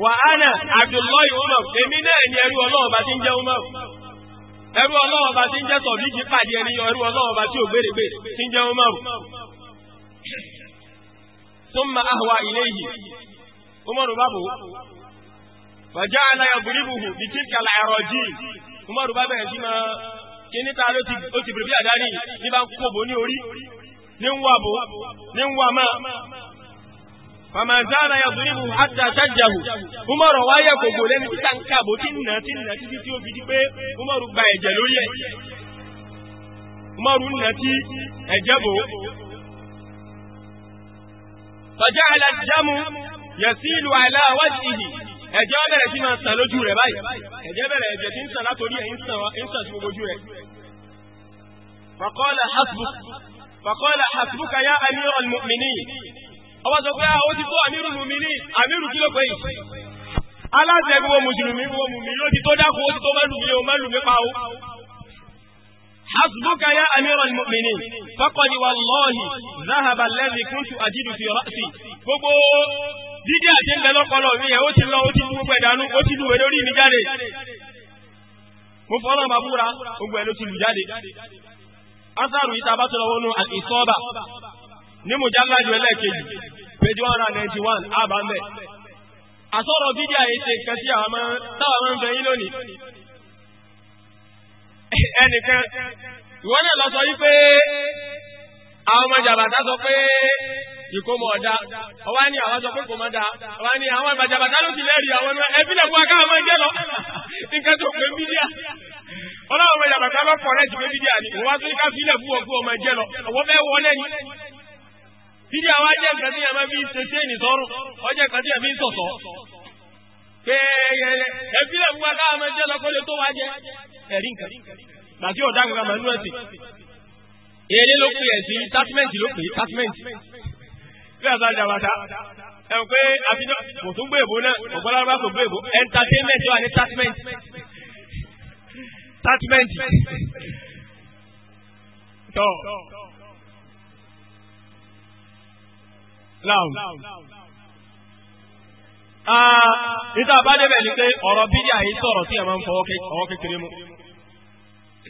wà á nà Abdullahi Umar èmi náà ni ẹrú ọlọ́wọ́ ti ń jẹ́ Umar ẹrú ti ń jẹ́ sọ̀bíjì pàdé ẹni ti ò ti ń jẹ́ Umar thumma ahwa ilayhi bá bò wa ja'ala yadribuhu bi tilka al-arajil Umar bá bẹ̀rẹ̀ sí máa kíní ta ló ti bèrè bí ní bá ń ní orí ní fàmàzára ya zuribu àtà ṣájàhù umaru wáyà kò gò lẹ́nu títà ń kàbò tí nà tí nà títí tí ó fi di pé umaru gba ẹ̀jẹ̀ lórí ẹ̀ umaru nà tí ẹ̀jẹ̀ bò fàjá alájámu yasilu aláwájìhì ẹ̀jẹ̀ bẹ̀rẹ̀ sí máa sàn lójú rẹ̀ báyìí ẹ̀jẹ̀ bẹ̀rẹ̀ ẹ̀jẹ̀ tí ń sàn látòrí ẹ̀ ń sàn sí gbogbo ojú rẹ̀ fàkọ́lá hasbuka ya amíràn mùmìnì ọba sọ pé ó ti tó àmírù lùmí ní àmírù kí ló pé yìí aláṣẹ gbogbo mùsùlùmí gbogbo mùmí ló ti tó dákú ó ti tó mẹ́lùmí o mẹ́lùmí pa o. حسبك يا أمير المؤمنين فقد والله ذهب الذي كنت أجد في رأسي gbogbo jíjẹ́ àti ń bẹ lọ́pọ̀lọ́ mi yẹn ó ti lọ ó ti gbogbo ẹ̀dánú ó ti lùwẹ̀ lórí mi jáde mo fọ́nà bàbúra gbogbo ẹ̀ ló ti lù jáde. asaru yìí tá bá tọrọ ní mùjáládù ẹlẹ́ẹ̀kejì page one hundred ninety one àbámẹ́. àsọ̀rọ̀ bídíà yìí ṣe nǹkan tí àwọn táwọn máa ń fẹ́ yín lónìí. ẹnìkan ìwọ náà lọ sọ wípé àwọn ọmọ jàbàtà sọ pé ìkómọ ọ̀dà ọwá ní àwọn sọ pé kò mọ́ da ọwá ní àwọn jàbàtà ló ti lẹ́rìí àwọn ọmọ ẹbí lè fún akáwọn ọmọ ẹgbẹ́ lọ nǹkan tó pé bídíà ọlọ́run ọmọ jàbàtà lọ ti pé bídíà ni òun wá tún ká fílẹ̀ fún ọkú ọmọ ẹgbẹ́ lọ bídíà wá jẹ́ nǹkan tí yàrá fi ń ṣe téèni sọ́rùn ọjọ́ nǹkan tí yàrá fi ń sọ̀tọ̀ pé ẹbí rẹ̀ fún wa káwọn ọmọ ẹjẹ́ lọ́kọ́lé tó wá jẹ́ ẹ̀rí nǹkan gbàtí ọ̀dà kankan màá nú ẹ̀sìn èlé ló pè ẹ̀sìn tátímẹ́ǹtì ló pè tátímẹ́ǹtì bí àbá jàbàtà ẹ̀ pé àfijọ́ kò tún gbé èbó náà ọ̀gbọ́n entertainment wà láwùn. ah bá débẹ̀ ni pé ọ̀rọ̀ bídíà yìí sọ̀rọ̀ ń fọwọ́ kékeré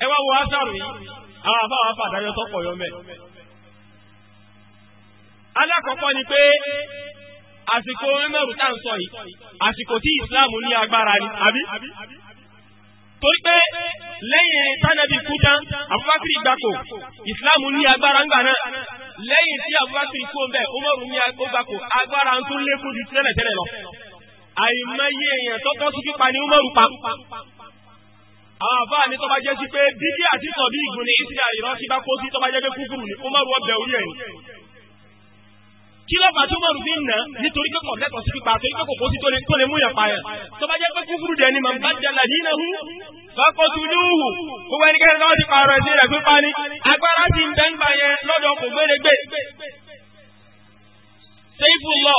ẹ wá wo aṣáàrù yìí àwọn àbáwọn tó pọ̀ yọ mẹ́. alákọ̀ọ́kọ́ ni pé àsìkò tá à ń sọ yìí torí pé lẹ́yìn tánàbí kú tán abubakar gbàkó ìsìláàmù ní agbára ńgbà náà lẹ́yìn tí abubakar kú ọ̀bẹ umaru ní agbákó agbára ń tún lékún ju tẹ́lẹ̀tẹ́lẹ̀ lọ àìmọye èèyàn tó tọ́ sí pípa ní umaru pa àwọn àbá ni tọ́ba jẹ́ sí pé bíbí àti sọ̀bí ìgbìn ní ìsìn àìrọ́ sí bá kó sí tọ́ba jẹ́ pé kúkúrú ni umaru ọbẹ̀ orí ẹ̀ kí ló fà tí umaru fi ń nà nítorí pé kọ̀ọ̀lẹ́tọ̀ sí pípa àti pé kòkó sí tó lè múyàn pààyàn tọ́ba jẹ́ pé kúkúrú dẹ̀ ni màmú bá jẹ́ làdínà hù fakọtuluhu gbogbo ẹnikẹ́ni tó ti pààrọ̀ ẹ̀sìn rẹ̀ pípa ni agbára ti ń bẹ́ńgbà yẹn lọ́dọ̀ kò gbéregbè. seifu lọ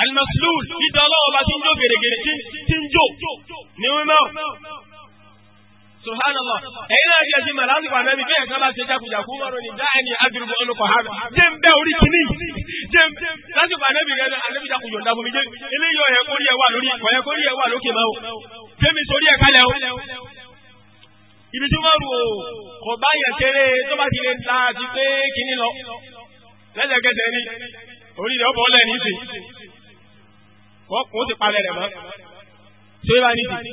alimasulul dídá ọlọ́wọ́ bá ti ń jó gèrègèrè tí ń jó ní mímọ́. subhanallah náà jẹ́ ti mọ̀ láti pàdé mi bẹ́ẹ̀ kan bá ṣe jákujàku mọ́rọ̀ ni dá ẹni adúrúbọ ọ̀nù ha jẹ́ ń bẹ́ orí kìíní jẹ́ ń láti pàdé mi rẹ̀ alẹ́bí jákujọ̀ dábò jẹ́ eléyìí ọ̀yẹ̀kórí ẹ̀ wà lókè máa o jẹ́mi sórí ẹ̀ kalẹ̀ o ibi tí umaru o kò bá yẹn kéré tó bá ti lè ta àti pé kínní lọ lẹ́sẹ̀kẹsẹ̀ ni orí rẹ̀ ọ̀bọ̀ ọ̀lẹ̀ nìyí kò kò ti palẹ̀ rẹ̀ mọ́ tí ó bá ní ti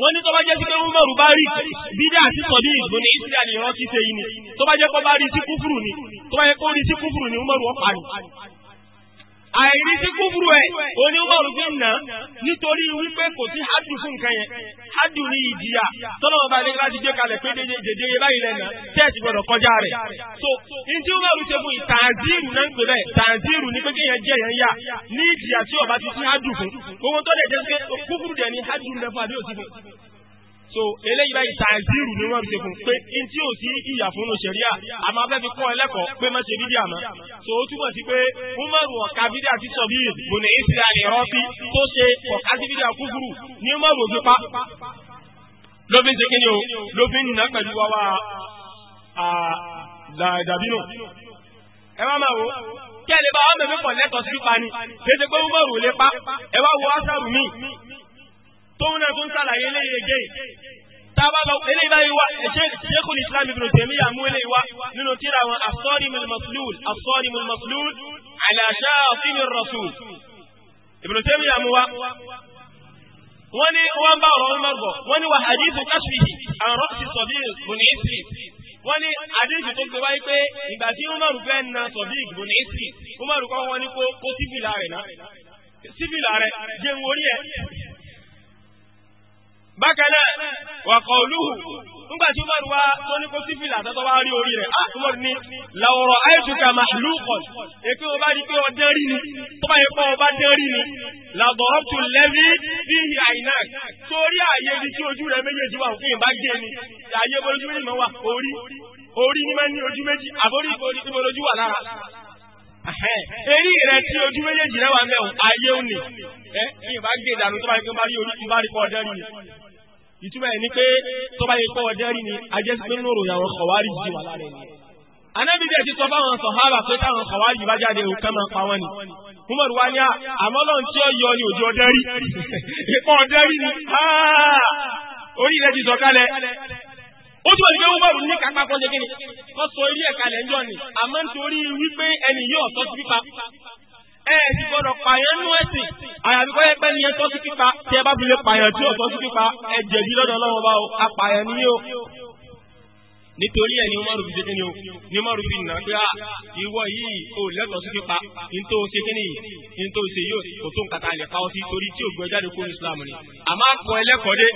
wọ́n ní tó bá jẹ́ sí pé umaru bá rí bídẹ́ àti sọ̀dí ìgbò ní ìsìlẹ̀ àníyàn ti ṣe yìí ni tó bá jẹ́ kó bá rí sí kúfùrù ni tó bá jẹ́ kó rí sí kúfùrù ni umaru ọ̀pá ni. àìrísí kúfúrú ẹ̀ oníwọ̀rùgbé nà nítorí wípé kò sí hádùn fún nǹkan yẹn hádùn ní ìjìyà tọ́lọ́ ọba ilé láti gbé kalẹ̀ pé dédé báyìí lẹ́nà tẹ́ẹ̀sì gbọ́dọ̀ kọjá rẹ̀. so ní tí wọ́n rú fún yìí tàǹzírù náà ń pè bẹ́ẹ̀ tàǹzírù ní pé kéèyàn jẹ́ yẹn yá ní ọba ti sí hádùn fún gbogbo tó jẹ́ pé dẹ̀ ní hádùn lẹ́fọ́ so eléyìí báyìí tàìsírù ni wọ́n ṣe fún pé n tí ò sí ìyà fún un ṣẹ̀ríà àmọ́ abẹ́ fi kún ẹlẹ́kọ̀ọ́ pé má ṣe bídíà mọ́ so ó túbọ̀ sí pé umaru ọ̀ka bídíà ti sọ bíi bùnú ìsìlẹ̀ ìrọ́bí tó ṣe ọ̀ka sí bídíà kúkúrú ní umaru òbí pa lóbi ṣe kí ni o lóbi ń nà pẹ̀lú wa wá dàbínú ẹ má máa wo kí ẹ lè bá ọmọ mi pọ̀ lẹ́kọ̀ọ́ sí pa ni tóun náà tún sàlàyé eléyìí gé tába lọ eléyìí báyìí wá Sheikhul Islam Ibn Taymiyyah mú eléyìí wá nínú tíra wọn as-Sarimul Maslul as-Sarimul Maslul ala shatimir Rasul Ibn Taymiyyah mú wá wọ́n ní wọ́n bá ọ̀rọ̀ Umar bọ̀ wọ́n ní wà hadithu kásìrì àrùn sí sọ̀bíì bùnì ìsì wọ́n ní hadithu tó gbé wáyé pé ìgbà tí Umar fẹ́ na sọ̀bíì bùnì ìsì kọ́ wọn ní kó sífìlà rẹ̀ náà sífìlà rẹ̀ jẹun orí ẹ̀ bákan náà wà kọ̀ olúhu nígbà tí umaru wa tó ní kó sífìlà tó wá rí orí rẹ̀ ah, umaru ní làwọ̀rọ̀ àìsùkà màlúùkọ̀ èké o bá rí pé ọdẹ rí ni tó bá yẹ pé ọba dẹ rí ni làbọ̀rọ̀ tún lẹ́bí bí i àìná sórí ààyè ibi tí ojú rẹ̀ méjèèjì wà òfin ìbá gé ni ààyè ojú méjì máa orí orí ní máa ojú méjì àbórí ìbòrí wà lára èrí rẹ tí ojú méjèèjì rẹ wà mẹ́wọ̀n ayé òní ẹ ìbá gé ìdànù tó bá yẹ pé ó bá rí orí ìbá rí pọ̀ ọdẹ rí ni ìtumọ̀ ẹ̀ ni pé tó bá yẹ pé ọdẹ rí ni ajẹ́sípé nínú òròyìn àwọn kọ̀wárì jù wà lára ẹni. anábì dẹ̀ ti sọ fáwọn sọ̀hábà pé táwọn kọ̀wárì bá jáde òkè máa pa wọ́n ni. Umar wa ni àmọ́ náà tí ó yọ ni òjò ọdẹ rí ìpọ̀ ọdẹ rí ni orí rẹ̀ ti sọ kálẹ̀. ó túbọ̀ ní pé Umar ní kápá kan jẹ́ kí ni wọ́n sọ ilé ni àmọ́ nítorí wípé ẹni yóò sọ ẹ ti gbọ́dọ̀ pààyàn nú ẹ̀sìn àyàfi kọ́ yẹ pé ní ẹtọ́ sí pípa tí ẹ bá fi lè pààyàn tí ọ̀tọ́ sí pípa ẹ jẹ̀bi lọ́dọ̀ ọlọ́wọ́ bá o apààyàn ni yóò nítorí ẹ ní Umaru fi ṣe kíni o ní Umaru fi nà pé a ah, ìwọ yìí ò lẹ́tọ̀ọ́ sí pípa ntó ṣe kíni ntó ṣe yóò kò tó nǹkan tá a lè pa ọ sí torí tí ògbẹ́ jáde kó Islam ni àmọ́ akọ ẹlẹ́kọ̀ọ́dé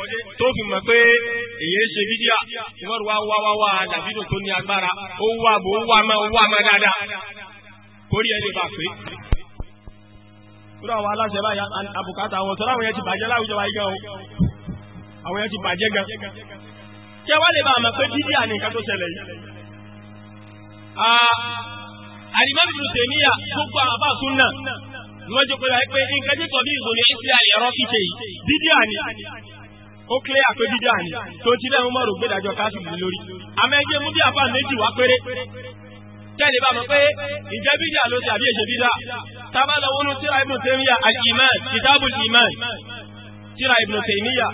tó fi mọ̀ pé èyí ṣe fídíà Umaru wa wá wá wá dàbídò tó ní agbára ó wà bó ó wà má ó wà má dáadáa kórìí ẹ lè bá pé kúrò àwọn aláṣẹ báyìí àbùkátà àwọn sọ́rọ̀ àwọn yẹn ti bàjẹ́ láwùjọ wa yíyan o àwọn yẹn ti bàjẹ́ gan. kí ẹ wá lè bá àmọ́ pé dídí àní nǹkan tó ṣẹlẹ̀ yìí. àdìmọ́bí tó tèmi yà gbogbo àwọn àbá sún náà ni wọ́n jẹ́ pé láyé pé nǹkan tí kò ní ìzòlè ìṣe ẹ̀rọ kíkẹ́ yìí dídí àní ó kílẹ̀ àpé dídí àní tó ti lẹ́hìn mọ́rò gbẹ́dàjọ káàkiri lórí àmọ́ ẹgbẹ́ mú bí àbá méjì kẹ́lẹ̀ bá mọ̀ pé ìjẹ́ bídà ló ti àbí èṣe bídà tábà lọ wọnú tíra Ibn Taymiyyah al-Iman kitabul Iman tíra Ibn Taymiyyah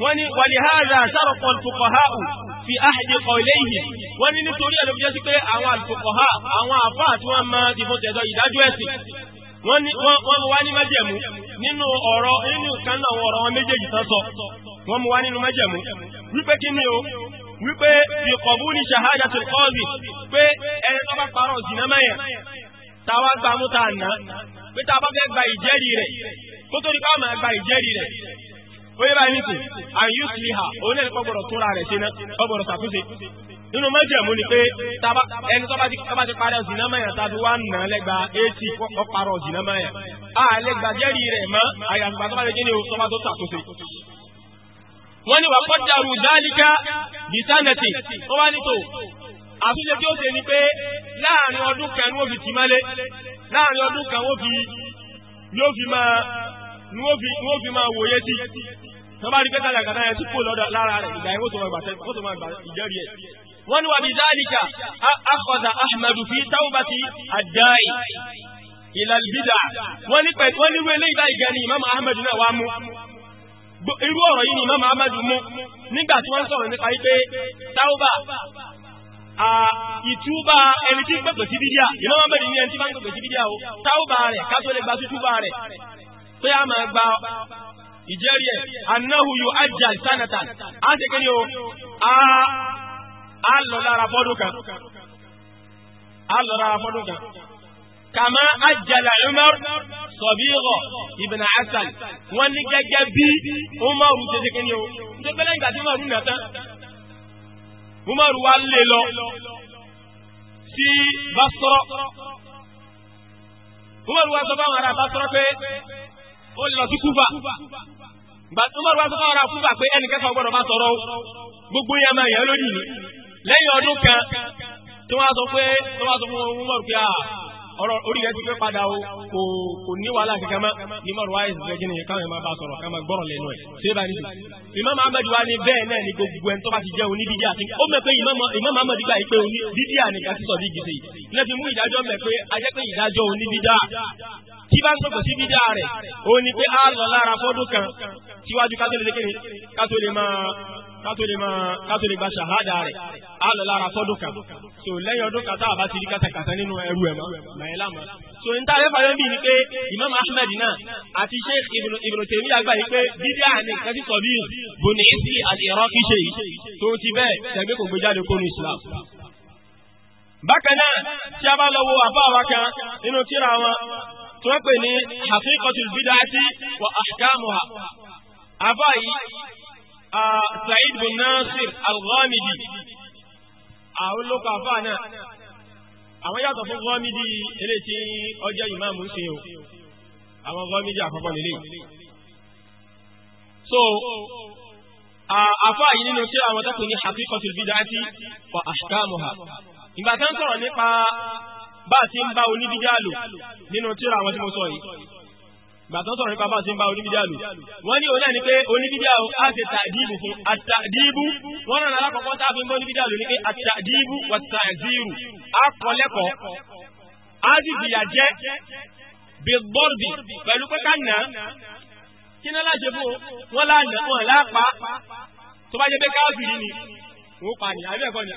wọ́n ní walihādhā saraqa al-fuqahā'u fi ahdi qawlayhi wọ́n ní nítorí ẹ̀ ló fi jẹ́ sí pé àwọn al-fuqahā àwọn àfáà tí wọ́n máa ti fún tẹ̀dọ̀ wọ́n mú wá ní májẹ̀mú nínú wọ́n mú wá nínú májẹ̀mú wípé kí ni o wípé ìkọ̀bú ní ṣàhádà tó kọ́ọ̀lì pé ẹni tó bá parọ́ zìnà mẹ́yẹn táwa gba mú ta nà pé tá a bá fẹ́ gba ìjẹ́rìí rẹ̀ kó tó ní ká máa gba ìjẹ́rìí rẹ̀ ó yẹ báyìí nìkú àyùsùlìhà òun náà kọ́ gbọ́dọ̀ túnra rẹ̀ ṣe kọ́ gbọ́dọ̀ ṣàtúnṣe nínú mẹ́jẹ̀mú ni pé ẹni tó bá ti parọ́ zìnà mẹ́yẹn tàbí wà nà lẹ́gba eighty kọ́ parọ́ zìnà mẹ́yẹn wọ́n ní wà kọ́dàrú dálíkà bìtánẹ̀tì ó wá nítò àtúnṣe tí ó ṣe ni pé láàrin ọdún kan ní ó fi ti mọ́lé láàrin ọdún kan ní ó fi máa wòye sí tọ́bá rí pẹ́tà àgàdá ẹ̀ tí kò lọ́dọ̀ lára rẹ̀ ìgbà yẹn ó tó pẹ̀lú wọ́n ní wẹ́lẹ́ ìbá imam ahmadu náà wá mú irú ọ̀rọ̀ yìí ni Imam Ahmad mú nígbà tí wọ́n sọ̀rọ̀ nípa wípé tauba ìtúbà ẹni tí pẹ̀pẹ̀ sí bídíà Imam Ahmad ní ẹni tí bá ń pẹ̀pẹ̀ sí bídíà o tauba rẹ̀ kátó lè gba tútúbà rẹ̀ pé a máa gba ìjẹ́rìí ẹ̀ annahu yu'ajjal sanatan á ṣe kéde o á lọ lára fọ́dún kan á lọ lára fọ́dún kan kàmá ajala umar sọ̀bíhọ̀ ibn hasan wọ́n ní gẹ́gẹ́ bí umaru ṣe ṣe kíni o ṣe pẹ́lẹ́ ìgbà tí umaru nà tán umaru wa lè lọ sí basra umaru wa sọ fún àwọn ará basra pé ó lọ sí kúfà gbàtí umaru wa sọ fún àwọn ará kúfà pé ẹnìkẹ́fà gbọ́dọ̀ bá sọ̀rọ̀ gbogbo yẹn máa yẹ lónìí lẹ́yìn ọdún kan tí wọ́n á sọ pé tí wọ́n á sọ fún umaru pé àà ọ̀rọ̀ orí rẹ̀ ti fẹ́ padà o kò kò ní wàhálà kankan mọ́ ní mọ̀rọ̀ wáyé ìsìnkú ẹjẹ́ nìyẹn káwọn ẹ̀ máa bá sọ̀rọ̀ ká máa gbọ́rọ̀ lẹ́nu ẹ̀ ṣé bá níbi. Imam Ahmed wa ni bẹ́ẹ̀ náà ni gbogbo ẹni tó bá ti jẹ́ oní dídí àti ó mẹ́ pé Imam Ahmed gbà pé oní dídí àníkà sísọ bí gbèsè yìí. Ilé fi mú ìdájọ́ mẹ́ pé a pé ìdájọ́ oní tí bá ń sọ̀kọ̀ sí dídá rẹ̀ ó ní pé á lọ lára fọ́dún kan síwájú ká tó lè kátó lè máa kátó lè gba ṣàhádà rẹ̀ á lọ lára sọ́dún kan so lẹ́yìn ọdún kan tá a bá ti rí kátàkátà nínú ẹrú ẹ̀ mọ́ màá lámà. so n ta ẹ fàyọ bí ni pé Imam Ahmed náà àti Sheikh Ibn Taymiyyah gbà yìí pé bíbí àní kan ti sọ bí bòní sí àdìrọ́ kí ṣe yìí tó ti bẹ́ẹ̀ tẹ̀gbẹ́ kò gbé jáde kó nu Islam. bákan náà tí a bá lọ wo àbá wa kan nínú tíra wọn tí wọ́n pè ní haqiqatul bid'ati Said bin Nasir al-Ghamidi àwọn ló kọ àfáà náà àwọn yàtọ̀ fún Ghamidi eléyìí ọjọ́ ìmáàmù ṣe o àwọn Ghamidi àkọ́kọ́ nílé. so àfáà yìí nínú tí àwọn tó kù ní haqiqatul bid'ati wa ahkamuha ìgbà tó ń sọ̀rọ̀ nípa bá a ti ń bá onídíjà lò nínú tíra àwọn tí mo sọ yìí gbàtọ́ sọ̀rọ̀ nípa báwọn ṣe ń bá oníbídíà lò wọ́n ní òun náà ni pé oníbídíà o á ṣe tàdíìbù fún àtàdíìbù wọ́n rán alákọ̀ọ́kọ́ tá a fi ń bọ́ oníbídíà lò ní pé àtàdíìbù wàtàdíìrù á kọ́ lẹ́kọ̀ọ́ á sì fìyà jẹ́ bíbọ́ọ̀dì pẹ̀lú pé ká nà kí náà láṣẹ tó bá jẹ́ pé káwọ́ wọ́n pa ni àbí ẹ̀kọ́ ni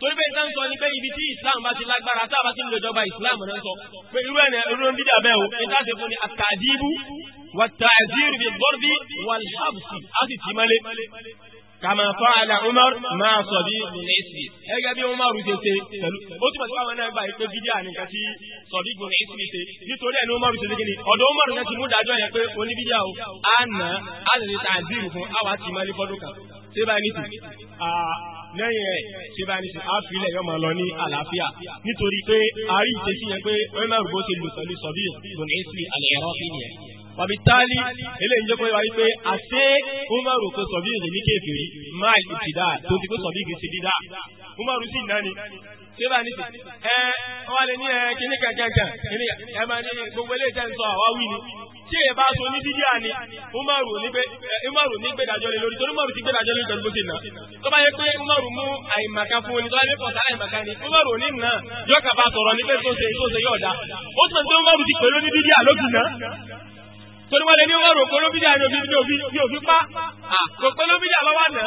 torí pé ìtàn sọ ni pé ibi tí islam bá ti lágbára tá a bá ti ń lòjọba islam náà sọ pé irú ẹni irú ń bídà bẹ́ẹ̀ o ìtàn ti fún ni àtàdíbù wàtàdíbù bíi gbọ́dí wàlhábùsì á sì tì mọ́lé kàmá fa'ala umar máa sọ bí gùnẹ́sì ẹgẹ́ bí umar ṣe ṣe pẹ̀lú ó túbọ̀ sí àwọn ẹgbẹ́ ìpè bídíà nìkan tí sọ bí gùnẹ́sì ṣe nítorí ẹni umar ṣe ṣe ọ̀dọ̀ umar ṣe ti mú dájọ́ yẹn pé oníbídíà o á nà á lè fún àwa tì mọ́lé fọ́dún kan ṣé báyìí nìtì lẹ́yìn ẹ̀ ṣe bá ní sùn àfilẹ̀ yọ máa lọ ní àlàáfíà nítorí pé àárí ìtẹ́sí yẹn pé wọ́n máa ti lù pẹ̀lú sọ̀bí ìgbòmíìsì àlẹ́ ẹ̀rọ fi nìyẹn wàbítálí eléyìí jẹ́ pé wáyé pé àṣé umaru kò sọ̀bí ìrìn ní kéfìrí máa ìtìdá tó ti kó sọ̀bí ìrìn ti dídá umaru sì náà ni ṣé bá ní sí ẹ wọn lè ní ẹ kíní kankankan kíní ẹ máa ní gbogbo eléyìí tẹ́ sọ àwa wí ni tí èyí bá sọ ní dídí àní umaru ní gbé umaru ní gbé dájọ́ lé lórí torí umaru ti gbé dájọ́ lé lórí gbogbo ìná tó bá yẹ pé umaru mú àìmàkà fún oní tó bá yẹ pọ̀ sára àìmàkà ni umaru ní nà yọkà bá sọ̀rọ̀ ní pé tó ṣe tó ṣe yọ̀ọ̀dá torí wọ́n lè ní wọ́n rò pé olóbídà ni òfin pa kò pé olóbídà lọ́wọ́ àná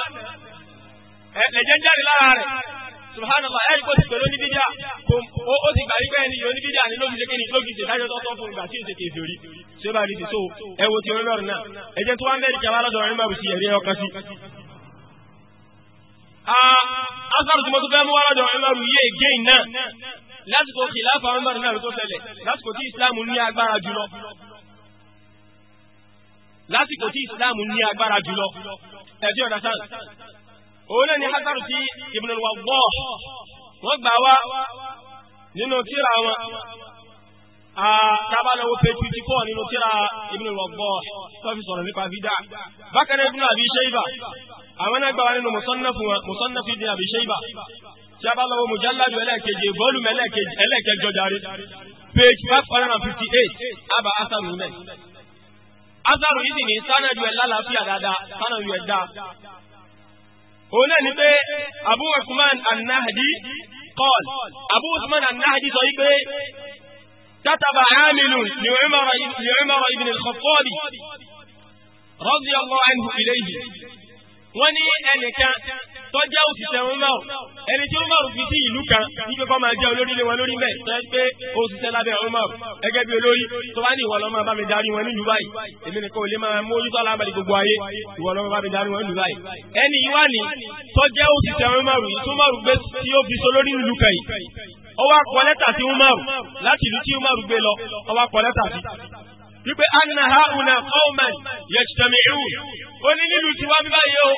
ẹ̀jẹ̀ ń jáde lára rẹ̀ subhanallah ẹ̀rí kò sì pẹ̀lú oníbídà ó sì gbà wípé ẹni oníbídà ni ló fi ṣe kíni ló fi ṣe dájọ́ tọ́tọ́ fún ìgbà tí ó ṣe kéde orí ṣé bá rí ti tó ẹ wo ti orí lọ́rùn náà ẹ̀jẹ̀ tó wá ń bẹ̀rẹ̀ kí a wá lọ́dọ̀ rẹ̀ nígbà bùsí ẹ̀rí ọkàn sí. asaru tí mo tún fẹ́ mú wá lọ́dọ̀ rẹ̀ lásìkò tí islam ní agbára jùlọ ẹ̀dí ọ̀dà sáà òun náà ni hasaru ti Ibn al-Waddah wọ́n gbà wá nínú tíra wọn tábàlọ́wọ́ page fifty four nínú tíra Ibn al-Waddah tó fi sọ̀rọ̀ nípa fídà bákan náà Ibn Abi Shayba àwọn náà gbà wá nínú musannaf wọn musannaf Ibn Abi Shayba tí a bá lọ́wọ́ mujalladu ẹlẹ́ẹ̀keje volume ẹlẹ́ẹ̀kẹjọ azaru yìí sì ní sanadu ẹ̀ lálàáfíà dáadáa sanadu ẹ̀ dáa. òun náà ni pé abu usman anahdi qal abu usman anahdi sọ yìí pé كتب عامل لعمر لعمر بن الخطاب رضي الله عنه إليه وني أنا كان tó jẹ́ òṣìṣẹ́ Umaru ẹni tí Umaru fi sí ìlú kan níbi kọ́ máa jẹ́ olórí lé wọn lórí bẹ́ẹ̀ tó yẹ pé òṣìṣẹ́ lábẹ́ Umaru gẹ́gẹ́ bí olórí tó bá ní ìwọ ló máa bá mi darí wọn nílùú báyìí èmi nìkan ò lè máa mójútó alábàlì gbogbo ayé ìwọ ló máa bá mi darí wọn nílùú báyìí ẹni yìí wà tó jẹ́ òṣìṣẹ́ Umaru yìí tó Umaru gbé tí ó fi solórí nílùú kan yìí ó wá kọ lẹ́tà sí Umaru láti ìlú tí Umaru gbé lọ ó wá kọ lẹ́tà sí wípé anna hauna qauman yajtami'un ó ní nílùú tiwa bíbáyé o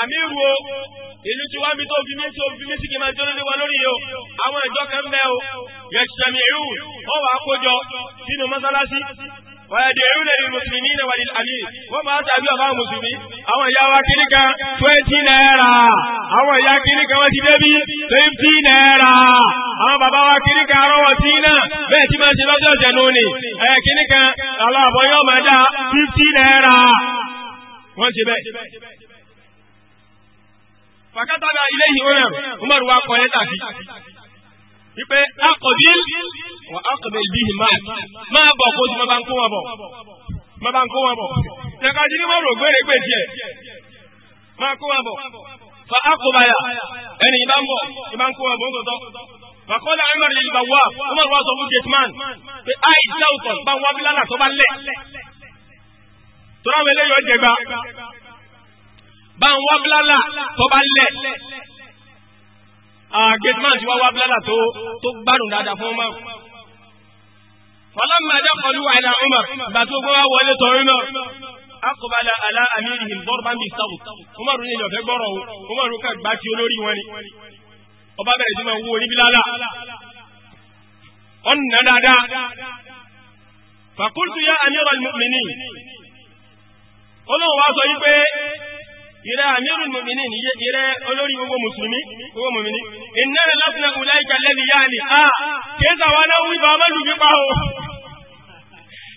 àmì ìrù o ìlú tí wàá mi tó fi mí tó fi mí sí kí n máa jọ́lódé wa lórí yìí o àwọn ìjọ kan bẹ́ẹ̀ o yẹ̀sùsàmì ìrù wọ́n wàá kójọ sínú mọ́sálásí wàyàdìrú lè mùsùlùmí náà wàlì àmì wọ́n máa tàbí ọba mùsùlùmí àwọn ìyá wa kiri kan twenty naira àwọn ìyá kiri kan wọ́n ti débi fifty naira àwọn bàbá wa kiri kan arọ́wọ́ tí náà bẹ́ẹ̀ tí máa ṣe lọ́jọ́ ìṣẹ̀nu ni ẹ̀ kiri kan aláàbọ̀ yóò máa dá fifty naira wọ́n ṣe bẹ́ẹ̀ fàkátàbà ilé yìí ó wa kọ lẹ́tà sí wípé akọ̀bí wà akọ̀bẹ̀ bí ma máa máa bọ̀ kó tí máa bá ń kó wọn bọ̀ máa bá ń kó wọn bọ̀ tẹ̀kadì ní mọ̀rọ̀ gbére pé tiẹ̀ máa kó wọn bọ̀ fa akọ̀bàyà ẹni ìbá ń bọ̀ ìbá ń kó wọn bọ̀ ń tọ̀tọ̀ fàkọ́lá Umar lè bá wà Umar wa sọ fún gateman pé àì dáwùtọ̀ bá wà bí lánàá tó bá lẹ̀ tọ́lá bá ń wá bílálà tó bá lẹ̀ gẹ̀tìmáà ti wá wá bílálà tó gbádùn dáadáa fún ọmọ. فلما دخلوا على عمر باتوا ولد عمر أقبل على أميرهم ضربا بالصوت عمر نيجا في برو عمر كان باتي ولوري واني وبابا يجمع هو بلالا أن نادا فقلت يا أمير المؤمنين قلوا واسوا ìrẹ́ àmírùn mọ̀mìnì níye ìrẹ́ olórí gbogbo mùsùlùmí gbogbo mọ̀mìnì iná lásìnà ìlàíkà lẹ́bi yá ni a kéèsà wa náà wí bàbá lù mí pa o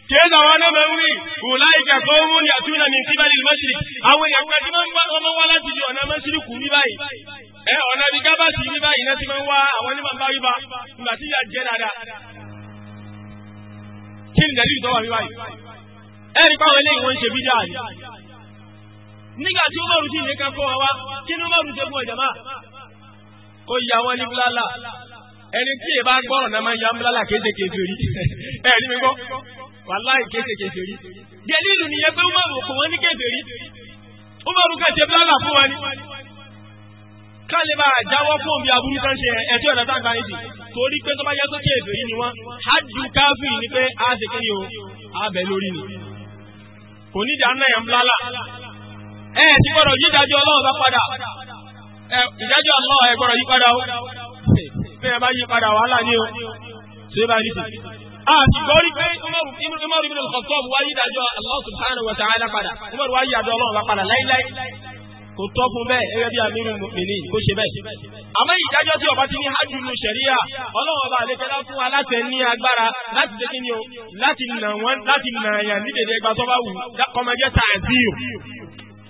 kéèsà wa náà máa wí ìlàíkà tó mú ní àtúnyà mi sí balẹ̀ mọ́sílì àwọn èèyàn kan tí wọ́n ń bá ọmọ wa láti di ọ̀nà mọ́sílì kù ní báyìí ẹ ọ̀nà ibi gábàsì ní báyìí náà ti máa ń wá àwọn onímọ̀ bá wípa ìgbà tí ìyá jẹ́ dáadáa kí ni dẹ̀lí ìtọ́wà wíwáyìí ẹ̀rí pàwọn nígbà tí Umaru sì ní kankan wa kí ni Umaru ṣe fún ọ̀jọ̀má kó ya wọn ní bílálà ẹni tí ìbá gbọ́rọ̀ náà máa ń ya bílálà kéde kèfèrí ẹ ní mi gbọ́ wàláì kéde kèfèrí dẹ̀lílù nìyẹn pé Umaru kò wọ́n ní kèfèrí Umaru kẹ́ ṣe bílálà fún wa ni kálí bá jáwọ́ fún omi aburú tán ṣe ẹ̀tí ọ̀nà tá àgbáyéjì torí pé tó bá yẹ sókè èdè yìí ni wọ́n ájú káfí ni pé a ṣe kí ni o abẹ lórí ni kò ní ìdáná yẹn ńlá ẹ ti gbọ́dọ̀ yí ìdájọ́ ọlọ́run bá padà ẹ ìdájọ́ ẹ yí padà o bí ẹ bá yí padà wàhálà ni o ṣé bá yí sí. a ti gbọ́ rí pé Umaru Umaru subhanahu wa padà Umaru bá padà láíláí kò tọ́ fún bẹ́ẹ̀ ẹgbẹ́ bí amínú mìíní kó ṣe bẹ́ẹ̀. àmọ́ ọba ti ní hajj nù sẹ̀ríà ọlọ́wọ́ bá o láti nà láti nà yàn nídèdè o.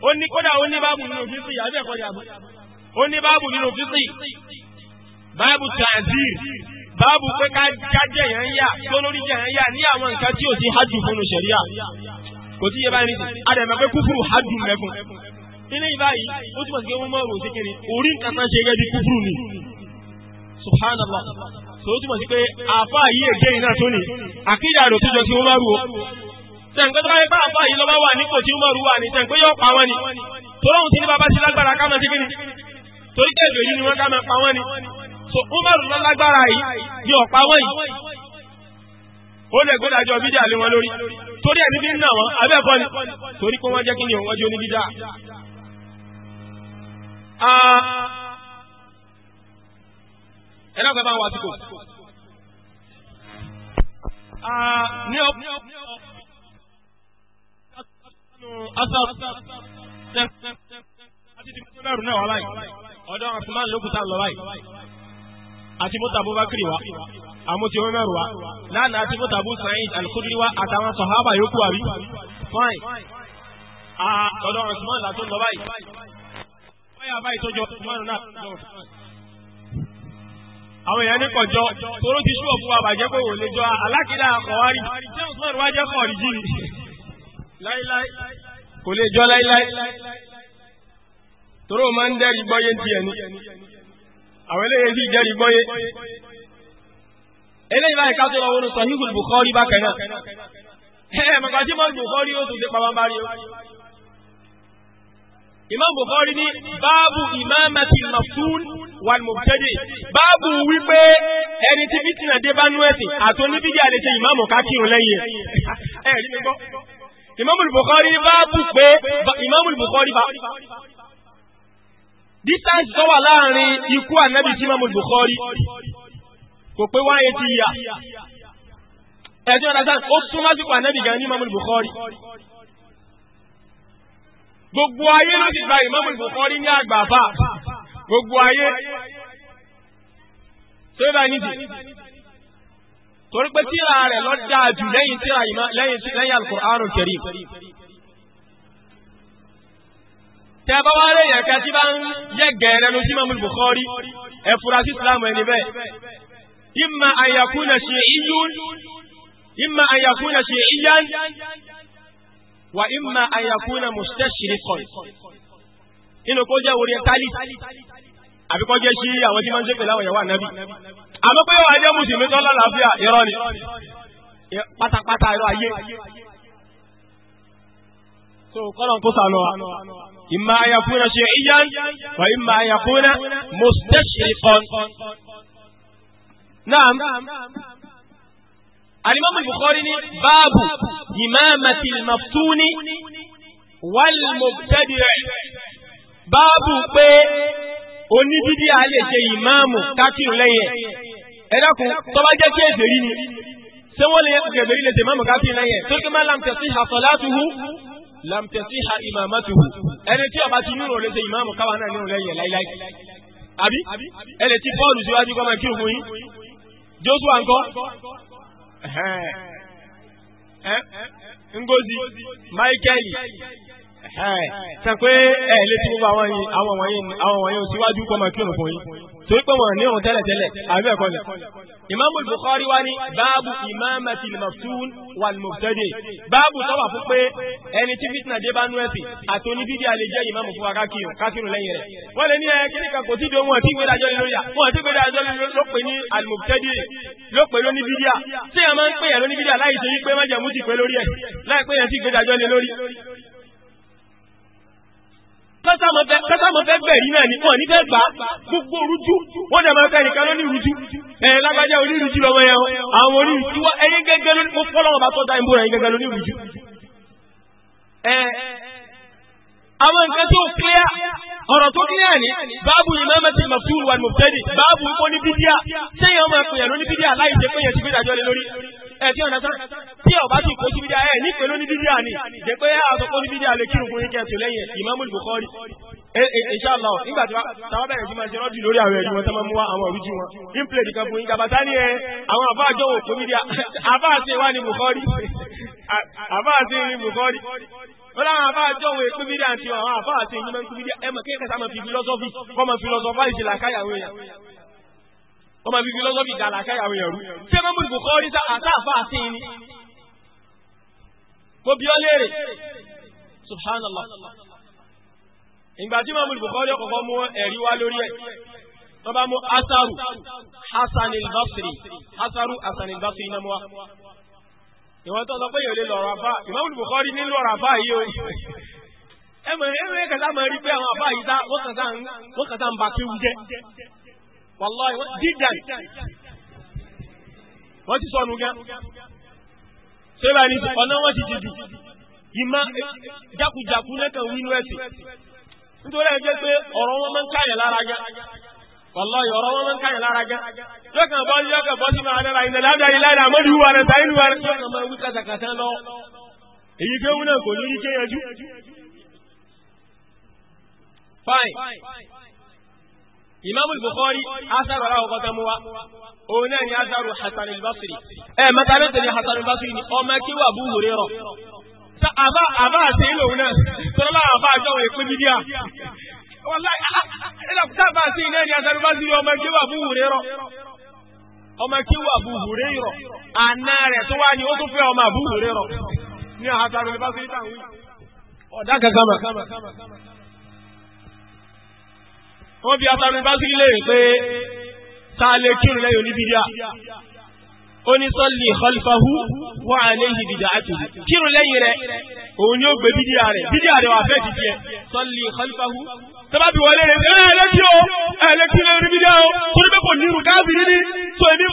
ó ní kódà ó ní báàbù nínú fífi àbí ẹ̀kọ́ yàgbé ó ní báàbù nínú fífi báàbù tàzír báàbù pé ká jájẹ yẹn yà tó lórí jẹ yẹn yà ní àwọn nǹkan tí ò sí hajj fún un ṣẹ̀ríà kò sí iye báyìí nìyí adàmọ̀ pé kúfùrù hajj mẹ́fún ilé ìbáyìí ó túmọ̀ sí pé wọ́n mọ̀rọ̀ sí kiri orí nǹkan tán ṣe gẹ́gẹ́ bí kúfùrù ni subhanallah tó túmọ̀ sí pé àfáà yìí èdè yìí náà tó ní àkídà rò tó jọ sí wọ́n mọ̀rọ̀ sẹ̀ǹkẹ́ tó bá yẹ pàápà yìí lọ́ba wà nípò tí Umaru wà ní sẹ̀ǹkẹ́ yóò pa wọ́n ni tọ́lọ́hún ti ní bàbá ti lágbára ká máa ṣe kí ni torí kẹ́ yìí ni wọ́n ká pa wọ́n ni so Umaru lọ lágbára yìí ni ọ̀pá wọ́n yìí ó lè gbé dájọ́ bídà lé wọn lórí torí ẹ̀ níbi nà wọn abẹ́ẹ̀kọ́ ni torí pé wọ́n jẹ́ kí ni òun wájú oníbídà. ẹ náà fẹ́ bá wọn wá ní ọ̀pọ̀ asaf àti ti mọ́tò bẹ́ẹ̀rù náà wà láyìí ọ̀dọ̀ Usman lókùtà lọ láyìí àti mọ́tò Abubakar wa àmọ́tò Umar wa lánàá àti mọ́tò Abu Sa'id al wa àtàwọn sọ̀hábà yòókù àbí fine ọ̀dọ̀ Usman làtún lọ báyìí báyà báyìí tó jọ Usman náà àwọn èèyàn ní kọjọ toró ti ṣú ọ̀fun wa bàjẹ́ pé òun lè jọ alákìlá àkọ́wárí tí Usman wá jẹ́ kọ̀ọ̀rí láíláí kò lè jọ láíláí tóró máa ń dẹ́rì gbọ́yé ti ẹ̀ ní àwọn eléyè sì jẹ́rì gbọ́yé eléyìí báyìí ká tó lọ wọnú Sahihul Bukhari bákan náà ẹ̀ mọ̀gbà tí mọ̀ Bukhari ó tún ṣe pàmàbárí o Imam Bukhari ní báàbù imamati maftun wal mubtadi báàbù wípé ẹni tí fitinade bá nú ẹ̀sìn àti oníbíjà lè ṣe ìmáàmù kákìrún lẹ́yìn Imamul Bukhari bá bù pé Imamul Bukhari bá. Distance tó wà láàrin ikú ànábì sí Imamul Bukhari kò pé one eighty years. Ẹ̀sìn ọ̀dà sáà ó súnmọ́ sí kò ànábì gan ní Imamul Bukhari gbogbo ayé ló ti gba Imam Bukhari ní àgbàfà gbogbo ayé tó bá nídìí torí pé tíra rẹ̀ lọ dáa jù lẹ́yìn tíra lẹ́yìn lẹ́yìn alukur'anul karim. tẹ́ bá wá lè yẹ̀kẹ́ tí bá ń yẹ gẹ̀ẹ́rẹ́ ló sí mamu Bukhari ẹ fura sí islamu ẹni bẹ́ẹ̀. imma an yakuna shi'iyyun imma an yakuna shi'iyyan wa imma an yakuna mustashriqan inú kó jẹ́ orientalist àbíkọ́ jẹ́ sí àwọn tí máa ń ṣépè láwọn ìyàwó ànábì àmọ́ pé wàá jẹ́ mùsùlùmí tó lálàáfíà irọ́ ni pátápátá irọ́ ayé. so kọ́nà kó sànù wa ìmọ̀ àyàfúnà ṣe ìyán wà ìmọ̀ àyàfúnà mustashriqan. naam alimami bukhari ni baabu imamati maftuni wal mubtadi' báàbù pé onídídí a lè ṣe ìmáàmù kákìrù lẹ́yìn ẹ dákun tó bá jẹ́ kí èdè rí ni ṣé wọ́n lè gẹ̀gẹ̀ rí lè tè mọ́mọ́ káfíń náà yẹn tó kí má lamtẹ̀sí àsọ̀látùhù lamtẹ̀sí ha ìmàmátùhù ẹni tí ọba ti nírò lè ṣe ìmáàmù káwa náà nírò lẹ́yìn láíláí àbí ẹni tí Pọ́ọ̀lù síwájú kọ́ máa kírun fún yín Jósùà ńkọ́ Ngozi Michael sàn pé ẹ lè tí gbogbo àwọn yìí àwọn wọ̀nyí àwọn wọ̀nyí ò síwájú kọ́ máa kírun fún yín torí pé wọn ní òun tẹ́lẹ̀ tẹ́lẹ̀ àbí ẹ̀kọ́ ni. ìmáàmù Bukhari wa ní báàbù ìmáàmàtì maftun wal mubtadi báàbù sọ́wà fún pé ẹni tí fitna dé bá nú ẹ̀sìn àti oníbídí alẹ́ jẹ́ ìmáàmù fún wa kákìrún kákìrún lẹ́yìn rẹ̀. wọ́n lè ní ẹ kí nìkan kò sídìí ohun àti ìgbédájọ́ lórí à wọ́n àti ìgbédájọ́ ló pè ní al mubtadi ló pè lóní bídíà tí a máa ń pè yẹn lóní bídíà láì ṣe yí pé má jẹ́ ti pé lórí ẹ̀ láì pé yẹn sí ìgbédájọ́ lé lórí kásámọ̀fẹ́ bẹ̀rí náà ní wọn nífẹ̀ẹ́ gbà gbogbo rújú wọn dẹ̀ máa fẹ́ nìkan ló ní rújú ẹ lágbájá orí rújú lọ́mọ yẹn o àwọn orí rújú wa ẹni gẹ́gẹ́ ló ní mo fọ́lọ́ wọn bá tọ́ da ìbò rẹ̀ gẹ́gẹ́ ló ní rújú. ẹ àwọn nǹkan tó clear ọ̀rọ̀ tó clear ni báàbù imamatil mafsul wal mubtadi báàbù ó ní bídíà sẹ́yìn ọmọ ẹ̀kọ́ yẹn ló ní bídíà láì ṣe pé ẹ̀tí eh, ọ̀nà tán tí ọba ti kó sí bídíà ẹ̀ eh, ní pẹ̀lú ní bídíà ni jẹ́ pé àtọ́kọ́ ah, ní bídíà lè kírun fún yín kẹ́ẹ̀tù lẹ́yìn Imamul Bukhari ìṣàlọ eh, nígbà tí táwọn bẹ̀rẹ̀ sí máa ṣe rọ́dì lórí àwọn ẹ̀yìn wọn tó máa mú wá àwọn òrùjú wọn ìpìlẹ̀ nìkan fún ìjàmbá tá ní ẹ àwọn àbá àjọ wò kó bídíà àbá àti ìwà ni Bukhari àbá àti ìrìn Bukhari wọ́n láwọn àbá àjọ òun èkú bídíà àti àwọn àbá àti ìyìn máa ń kú bídíà ẹ̀mọ̀ kéèkà sáà máa fi fílọ́sọ́fì kọ́ máa fílọ́sọ́fà ìṣẹ̀lá káyàwó yẹn wọ́n máa fi philosophy dà láṣẹ àwọn èèyàn rú ṣé wọ́n mú ìbùkọ́rí sá àtàfà àti ìní. mo bí ọ léèrè subhanallah ìgbà tí wọ́n mú ìbùkọ́rí ọ̀kọ̀ọ̀kan mú ẹ̀rí wá lórí ẹ̀ wọ́n bá mú asaru hasan al-basri asaru hasan al-basri náà mú wa. ìwọ́n tó sọ pé yòlè lọ́rọ̀ afá ìmọ̀ ìbùkọ́rí ní lọ́rọ̀ afá yìí o ẹ mọ̀ ẹ mọ̀ ẹ kẹta mọ̀ rí pé àwọn afá yìí sá wọ́n kàn sá ń ba kéwu jẹ́ wàláì wọ́n dídà wọ́n ti sọnù gan ṣé báyìí ní ọ̀nà wọn ti jìjù ìmọ̀ jákujàku lẹ́kàn wínú ẹ̀sìn nítorí ẹ̀ pé ọ̀rọ̀ wọn máa ń káyàn lára gan wàláì ọ̀rọ̀ wọn máa ń káyàn lára gan lọ́kàn bọ́ lọ́kàn bọ́ sí máa dára ìnàlẹ́ àdáyé láyé àmọ́dé wíwá rẹ̀ sáyé rẹ̀ lọ́kàn fine ìmáàmù Bukhari asaru aláwọ̀ kọ́tà mú wa òun náà ni asaru Hasan al-Basri ẹ mẹ́ta ló tẹ̀lé Hasan al-Basri ni ọmọ kí wà bú wòrè rọ àbá àbá àti ìlò òun náà tọ́lá àbá àjọ òun èpè bíbí à wàláì ẹ̀dá tábà àti ìlẹ̀ ni Hasan al-Basri ọmọ kí wà bú wòrè rọ ọmọ kí wà bú wòrè rọ àná rẹ̀ tó wá ní ó tún fẹ́ ọmọ àbú wòrè rọ ní Hasan al táwọn ọ̀dà kankan mọ̀ wọ́n bí Hasan al-Basri lè pé ta lè kírun lẹ́yìn oníbídíà ó ní sọ́ọ̀lì khalfahu wa alayhi bid'atuhu kírun lẹ́yìn rẹ̀ òun ni ó gbé bídíà rẹ̀ bídíà rẹ̀ wà fẹ́ ti tiẹ̀ sọ́ọ̀lì khalfahu tọ́ba bí wọlé rẹ̀ ẹ̀ ẹ̀lẹ́kí o ẹ̀lẹ́kí lẹ́yìn oníbídíà o torí pé kò ní irun káàbì níní tó èmi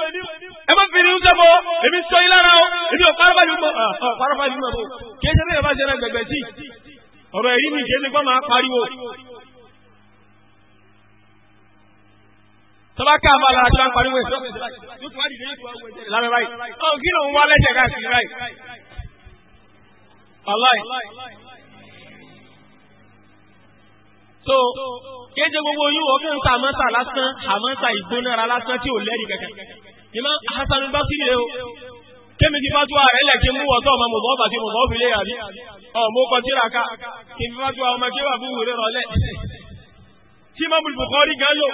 ẹ má fi ní oúnjẹ bọ èmi sọ yín lára o èmi ò párọ́ báyìí mọ̀ ọ̀ báyìí mọ̀ kí ẹ tọ́ba ká máa lọ àjọyọ̀ pariwo ẹ̀ lábẹ́ báyìí ọ̀ kí ló ń wá lẹ́jẹ̀ káàkiri báyìí. wàláì. so kéde gbogbo yín wọ́n fẹ́ ń ta àmọ́ta lásán àmọ́ta ìgbónára lásán tí ò lẹ́rìí kankan. ìmọ̀ Hasan Basiri rẹ o kémi ti bá tuwa rẹ lẹ́kí mú wọ́tọ́ ọmọ mọ̀bọ́ bàtí mọ̀bọ́ fi lé yàrá ọ̀ mú kọtíra ká kí n bá tuwa ọmọ kí wà fún wúrẹ́ rọ lẹ́ tí mọ́bùlù Bukhari gan lò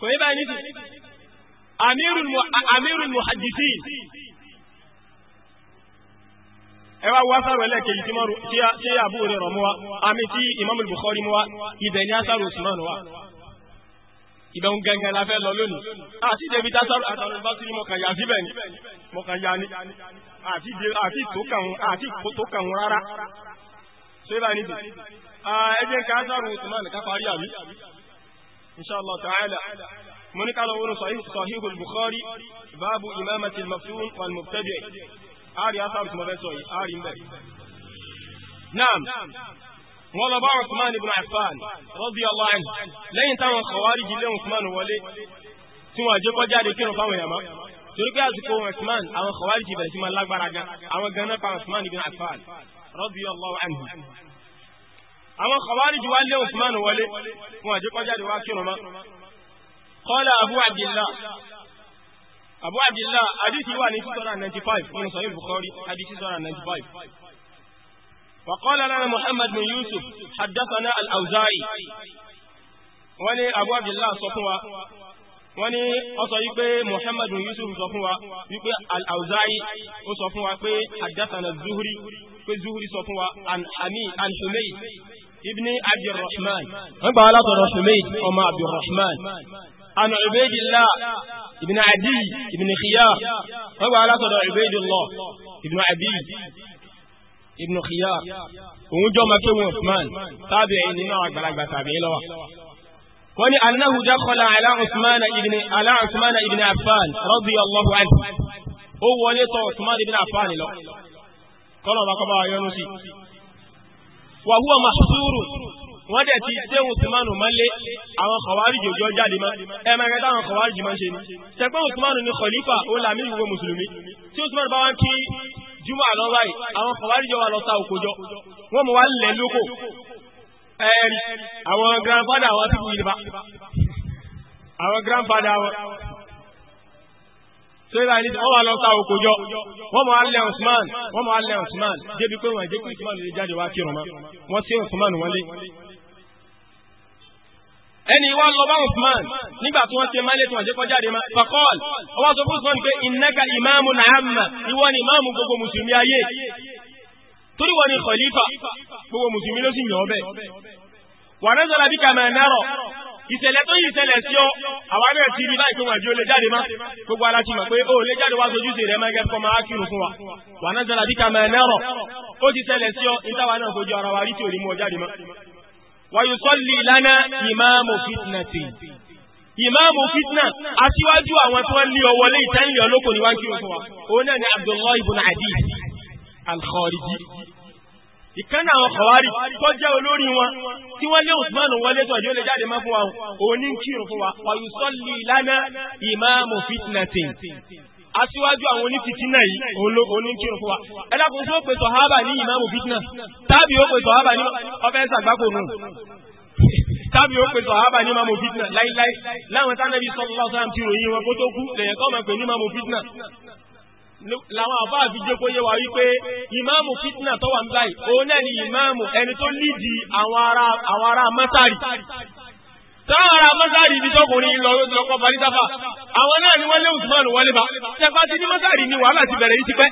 kò yẹ báyìí nísìnyí amirul muhadisi ẹ wá wá sáré ẹlẹ́ẹ̀kejì tí mọ́rù tí àbúrò rẹ̀ rọ̀ mú wa àmì tí imam bukhari mú wa ibẹ̀ ní asáré usman wa ìbẹ̀ ń gangan la fẹ́ lọ lónìí àti débi tásáró àtàrò bá tún kàn yà síbẹ̀ ni mọ̀ kàn yà ni àti tó kàn wọn àti tó kàn wọn rárá ṣé báyìí nìyí ẹ jẹ́ ká asáré usman ká parí àbí insha Allah ta'ala mo ní ká lọ wọnú sahihul bukhari báàbù imamati al-maftun wal mubtadi' àárín asáàbù tí mo fẹ́ sọ yìí àárín bẹ́ẹ̀. naam wọ́n lọ bá Uthman ibn Affan radiyallahu anhu lẹ́yìn táwọn khawarij lé Uthman wọlé tí wọ́n àjẹkọ́ jáde kírun fáwọn èèyàn mọ́ torí pé àsìkò Uthman àwọn khawarij bẹ̀rẹ̀ sí máa lágbára gan àwọn gan náà pa Uthman ibn Affan radiyallahu anhu àwọn khawarij wá lé Usman wọlé fún àjẹkọjáde wá kírun mọ́. qala Abu Abdillah Abu Abdillah àdìsí wà ní six hundred and ninety five nínú Sahih àdìsí six hundred and ninety five. وقال لنا محمد بن يوسف حدثنا الأوزاعي wọ́n ní abu abdullahi sọ fún wa wọ́n ní ó sọ wípé muhammad yusuf sọ fún wa wípé al-auza'i ó sọ fún wa pé hadathana zuhri pé zuhri sọ fún wa an hami an humayd ابن عبد الرحمن نبع على رسميد أما عبد الرحمن عن عبيد الله ابن عدي ابن خيار نبع على عبيد الله ابن عدي ابن خيار ونجو مكي عثمان تابعين نوع بلاك تابع لوا وني أنه دخل على عثمان ابن على عثمان ابن عفان رضي الله عنه هو ولي عثمان ابن عفان له قالوا ما قبع يونسي wa huwa mahsuru wọ́n dẹ̀ ti tẹ́hùn Usmanu mọ́lé àwọn kọ̀wárì jòjò jáde mọ́ ẹ máa kẹta àwọn kọ̀wárì jì máa ń ṣe ni tẹ̀gbọ́n Usmanu ní khalifa ó là mí ìwé tí Usmanu bá wá ń kí jùmọ̀ àlọ́ báyìí àwọn kọ̀wárì jọ wà lọ sa òkòjọ́ wọ́n mọ̀ wá lẹ̀ lóko ẹ̀rí àwọn grandfather àwọn àti àwọn grandfather wọn so ibà ní wọn wà lọ sa òkò jọ wọn mọ alẹ Usman wọn mọ alẹ Usman débi pé wọn jẹ kí Usman lè jáde wá kírun mọ wọn sí Usman wọlé. ẹni wa lọ bá Usman nígbà tí wọn ṣe máa lé tí wọn jẹ kó jáde ma fakọọl ọwọ sọ fún Usman pé ìnẹka ìmáàmù nàámà ìwọ ni ìmáàmù gbogbo mùsùlùmí ayé torí wọn ni khalifa gbogbo mùsùlùmí ló sì yàn ọ bẹ́ẹ̀ wà á nẹ́sọ̀rọ̀ bí kàmẹ́ nẹ́rọ̀ ìṣẹ̀lẹ̀ tó yìí ṣẹlẹ̀ sí ọ àwọn náà ti rí báyìí pé wọn àbí ó lè jáde má gbogbo ara ti mọ̀ pé ó lè jáde wá sojú sí rẹ máa gẹ́gẹ́ kọ́ máa fún wa wà náà jẹ́la bíkà máa nẹ́rọ̀ ó ti ṣẹlẹ̀ sí ọ ìtawà náà fojú ara wa rí tí ò rí mú ọ jáde má. wàyù sọ́ọ̀lì lánà ìmáàmù fitna tì ìmáàmù fitna aṣíwájú àwọn tí wọ́n lé ọ wọlé ìtẹ́ńlẹ̀ olóko ni ìkánná àwọn kọ̀wárì tó jẹ́ olórí wọn tí wọ́n lé Usman wọlé tó àjọ lè jáde máa fún wa òní ń kírun fún wa ọ̀yùsọ́lì lánà ìmáàmù fitnatin aṣíwájú àwọn onífìtínà yìí òní ń kírun fún wa ẹ dákun tí ó pè sọ̀hábà ní ìmáàmù fitna tàbí ó pè sọ̀hábà ní ọfẹ́ sàgbákò nù tàbí làwọn àbá àfijẹ́ kó yé wa wípé ìmáàmù fitna tó wà ń báyìí òun náà ni ìmáàmù ẹni tó lídi àwọn ará mọ́tàrì táwọn ará mọ́tàrì ibi tọkùnrin lọ lọ́kọ́ falisafa àwọn náà ni wọ́n lé Usman wọlé bá tẹ́fà ti ní mọ́tàrì ni wàhálà ti bẹ̀rẹ̀ yìí ti pẹ́